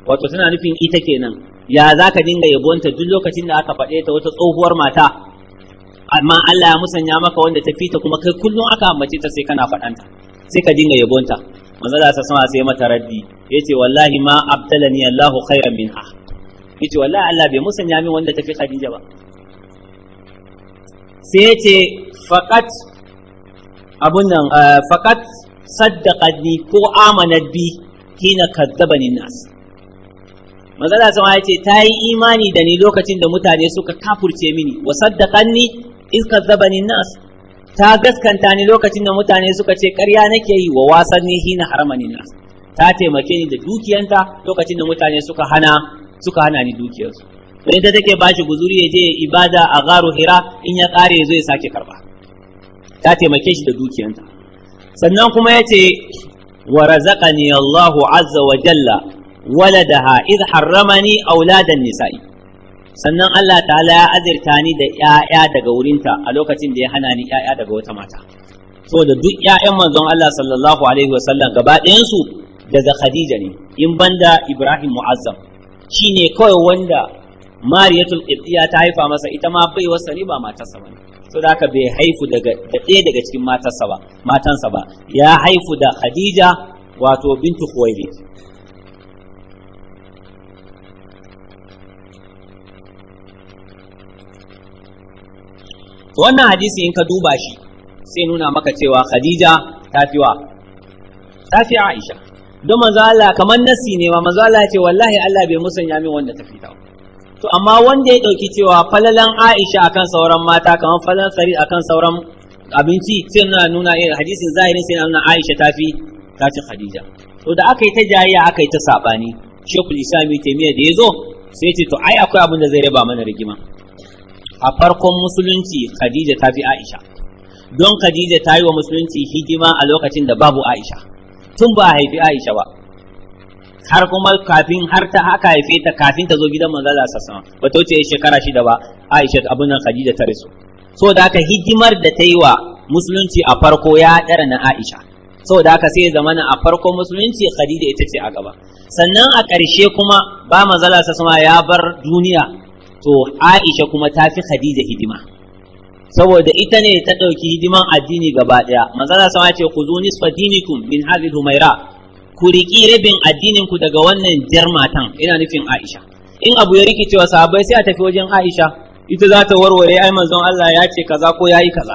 S1: wato tana nufin ita kenan ya za ka dinga yabonta duk lokacin da aka faɗe ta wata tsohuwar mata amma Allah ya musanya maka wanda ta fita kuma kai kullum aka ambace ta sai kana faɗanta sai ka dinga yabonta manzo Allah sama sai mata raddi yace wallahi ma abtalani Allahu khairan minha yace wallahi Allah bai musanya min wanda ta fi Khadija ba sai yace faqat abun nan faqat saddaqani ko amanat bi hina kadzabani nas manzala sama ya ce ta yi imani da ni lokacin da mutane suka kafurce mini wa saddaqanni iz kadzabani nas ta gaskanta ni lokacin da mutane suka ce ƙarya nake yi wa wasanni hina haramani nas ta taimake ni da dukiyanta lokacin da mutane suka hana suka hana ni dukiyarsu don ita take bashi guzuri ya je ibada a garo hira in ya ƙare zai ya sake karba ta taimake shi da dukiyanta sannan kuma yace wa razaqani Allahu azza wa jalla waladaha id harramani auladan nisa'i sannan Allah ta'ala ya azirta ni da 'ya'ya daga wurinta a lokacin da ya hana ni 'ya'ya daga wata mata saboda duk 'ya'yan manzon Allah sallallahu alaihi wa sallam gaba ɗayansu daga Khadija ne in banda Ibrahim Mu'azzam shine kawai wanda Mariyatul Qibtiyya ta haifa masa ita ma bai wasa ba matarsa bane so da haka bai haifu daga da ɗaya daga cikin matarsa ba matansa ba ya haifu da Khadija wato bintu Khuwailid wannan hadisi in ka duba shi sai nuna maka cewa Khadija ta fi wa ta fi Aisha don manzo Allah kamar nasi ne ma manzo Allah ya ce wallahi Allah bai musanya min wanda ta fita ba to amma wanda ya ɗauki cewa falalan Aisha akan sauran mata kamar falalan sari akan sauran abinci sai na nuna hadisin zahirin sai na nuna Aisha ta fi ta ci Khadija to da aka yi ta jayayya aka yi ta sabani Sheikhul Islam Taymiyyah da yazo sai ce to ai akwai abin da zai raba mana rigima a farkon musulunci Khadija ta fi Aisha don Khadija ta yi wa musulunci hidima a lokacin da babu Aisha tun ba a haifi Aisha ba har kuma kafin har ta haka haife ta kafin ta zo gidan manzo Allah sallallahu alaihi wasallam wato ce shekara shida ba Aisha abin nan Khadija ta rasu so da haka hidimar da ta yi wa musulunci a farko ya dara na Aisha so da haka sai zamana a farko musulunci Khadija ita ce a gaba sannan a ƙarshe kuma ba manzo Allah sallallahu alaihi wasallam ya bar duniya to Aisha kuma ta fi Khadija hidima saboda ita ne ta ɗauki hidiman addini gaba ɗaya manzo Allah sallallahu alaihi wasallam ya ce khudhu nisfa dinikum min hadhihi humaira ku riƙi rabin addinin ku daga wannan jar matan ina nufin Aisha in abu ya rikicewa sahabbai sai a tafi wajen Aisha ita za ta warware ai manzon Allah ya ce kaza ko yayi kaza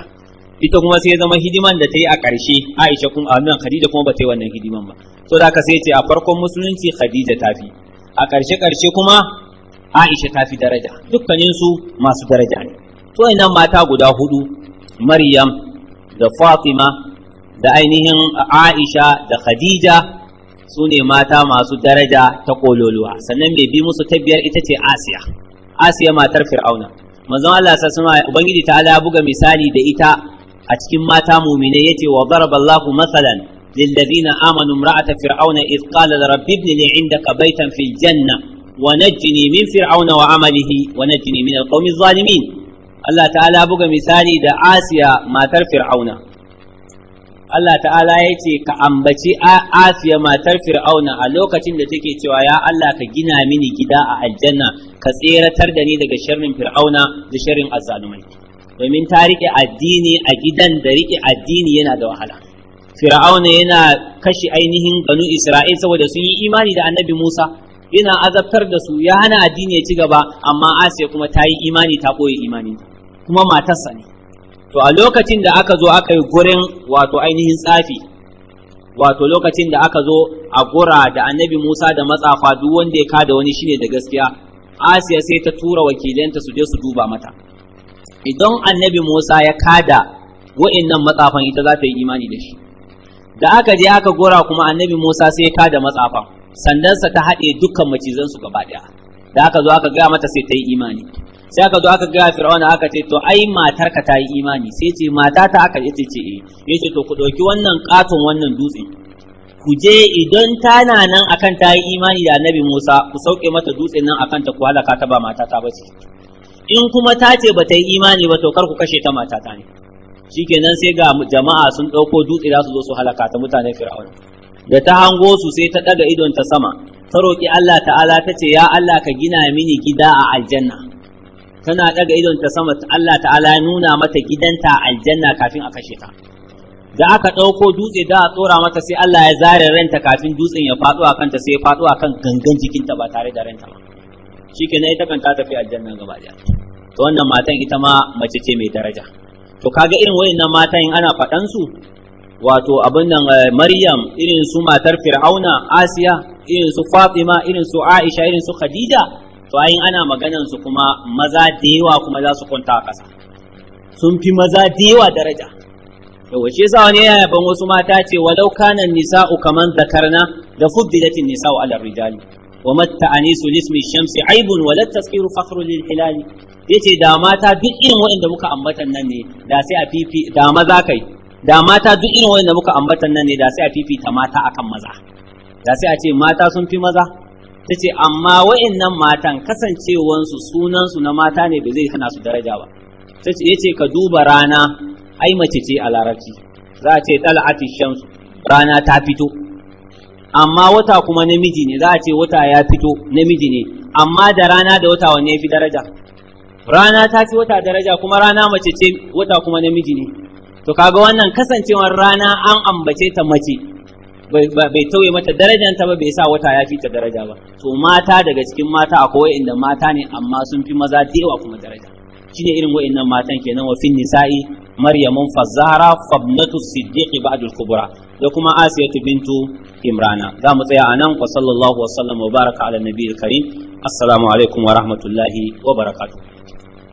S1: ita kuma sai zama hidiman da ta yi a ƙarshe Aisha kuma amin Khadija kuma ba ta yi wannan hidiman ba to da ka sai ce a farkon musulunci Khadija ta fi a ƙarshe ƙarshe kuma Aisha ta fi daraja dukkanin su masu daraja ne to ina mata guda hudu Maryam da Fatima da ainihin Aisha da Khadija su ne mata masu daraja ta kololuwa sannan mai bi musu ta biyar ita ce asiya asiya matar fir'auna manzon Allah sassan ubangiji ta ala misali da ita a cikin mata muminai yace wa daraballahu masalan lilladina amanu imra'ata fir'auna idh qala rabbi ibn li fil janna wa najjini fir'auna wa amalihi wa najjini zalimin Allah ta'ala buga misali da asiya matar fir'auna Allah ta'ala ya ce ka ambaci Asiya matar Fir'auna a lokacin da take cewa ya Allah ka gina mini gida a aljanna ka tseratar da ni daga sharrin Fir'auna da sharrin azzalumai domin ta rike addini a gidan da rike addini yana da wahala Fir'auna yana kashe ainihin banu Isra'il saboda sun yi imani da Annabi Musa yana azabtar da su ya hana addini ya ci gaba amma Asiya kuma ta yi imani ta koyi imani kuma matarsa ne to a lokacin da aka zo aka yi gurin wato ainihin tsafi wato lokacin da aka zo a gura da annabi Musa da matsafa duk wanda ya kada wani shine da gaskiya Asiya sai ta tura wakilanta su je su duba mata idan annabi Musa ya kada wa'annan matsafan ita za ta yi imani da shi da aka je aka gora kuma annabi Musa sai ya kada matsafan sandansa ta haɗe dukkan macizansu gaba ɗaya da aka zo aka gaya mata sai ta yi imani sai aka zo aka gaya fir'auna aka ce to ai matar ka ta yi imani sai ce mata ta aka ce ce eh ce to ku ɗauki wannan katon wannan dutse ku je idan tana nan akan ta yi imani da annabi Musa ku sauke mata dutsen nan akan ta ku halaka ta ba mata ta ce. in kuma ta ce ba ta yi imani ba to kar ku kashe ta mata ta ne shikenan sai ga jama'a sun ɗauko dutse za su zo su halaka ta mutanen fir'auna da ta hango su sai ta ɗaga idon ta sama ta roƙi Allah ta'ala ta ce ya Allah ka gina mini gida a aljanna tana daga idon ta sama Allah ta'ala ya nuna mata gidanta aljanna kafin a kashe ta da aka ɗauko dutse da a tsora mata sai Allah ya zare ranta kafin dutsen ya faɗo a kanta sai ya faɗo a kan gangan jikinta ba tare da ranta ba shi ita kan ta tafi aljanna gaba daya to wannan matan ita ma mace ce mai daraja to kaga irin wayannan matan in ana faɗan su wato abin nan eh, Maryam irin su matar Fir'auna Asiya irin su Fatima irin su Aisha irin su Khadija to ayin ana maganan su kuma maza da yawa kuma za su kwanta a ƙasa sun fi maza da yawa daraja yawa shi yasa wani yaya ban wasu mata ce walau kana nisa'u kaman zakarna da fuddilatin nisa'u ala rijali wa matta anisu lismi shamsi aibun wa taskiru fakhru lil hilali yace da mata duk irin waɗanda muka ambatan nan ne da sai a fifi da maza kai da mata duk irin waɗanda muka ambatan nan ne da sai a fifita mata akan maza da sai a ce mata sun fi maza ta ce amma wa'innan matan kasancewansu sunansu na mata ne ba zai hana su daraja ba ta ce yace ka duba rana ai mace ce a larabci za a ce dal'ati shamsu rana ta fito amma wata kuma namiji ne za a ce wata ya fito namiji ne amma da rana da wata wanne fi daraja rana ta fi wata daraja kuma rana mace ce wata kuma namiji ne to kaga wannan kasancewar rana an ambace ta mace bai tauye mata ta ba bai sa wata ya fi ta daraja ba to mata daga cikin mata akwai inda mata ne amma sun fi maza da yawa kuma daraja shine irin wa'annan matan kenan wa fin nisa'i maryamun fazara fabnatu siddiqi ba'd al-kubra da kuma asiyatu bintu imrana za mu tsaya anan wa sallallahu wa sallama wa baraka ala nabiyil karim assalamu alaikum wa rahmatullahi wa barakatuh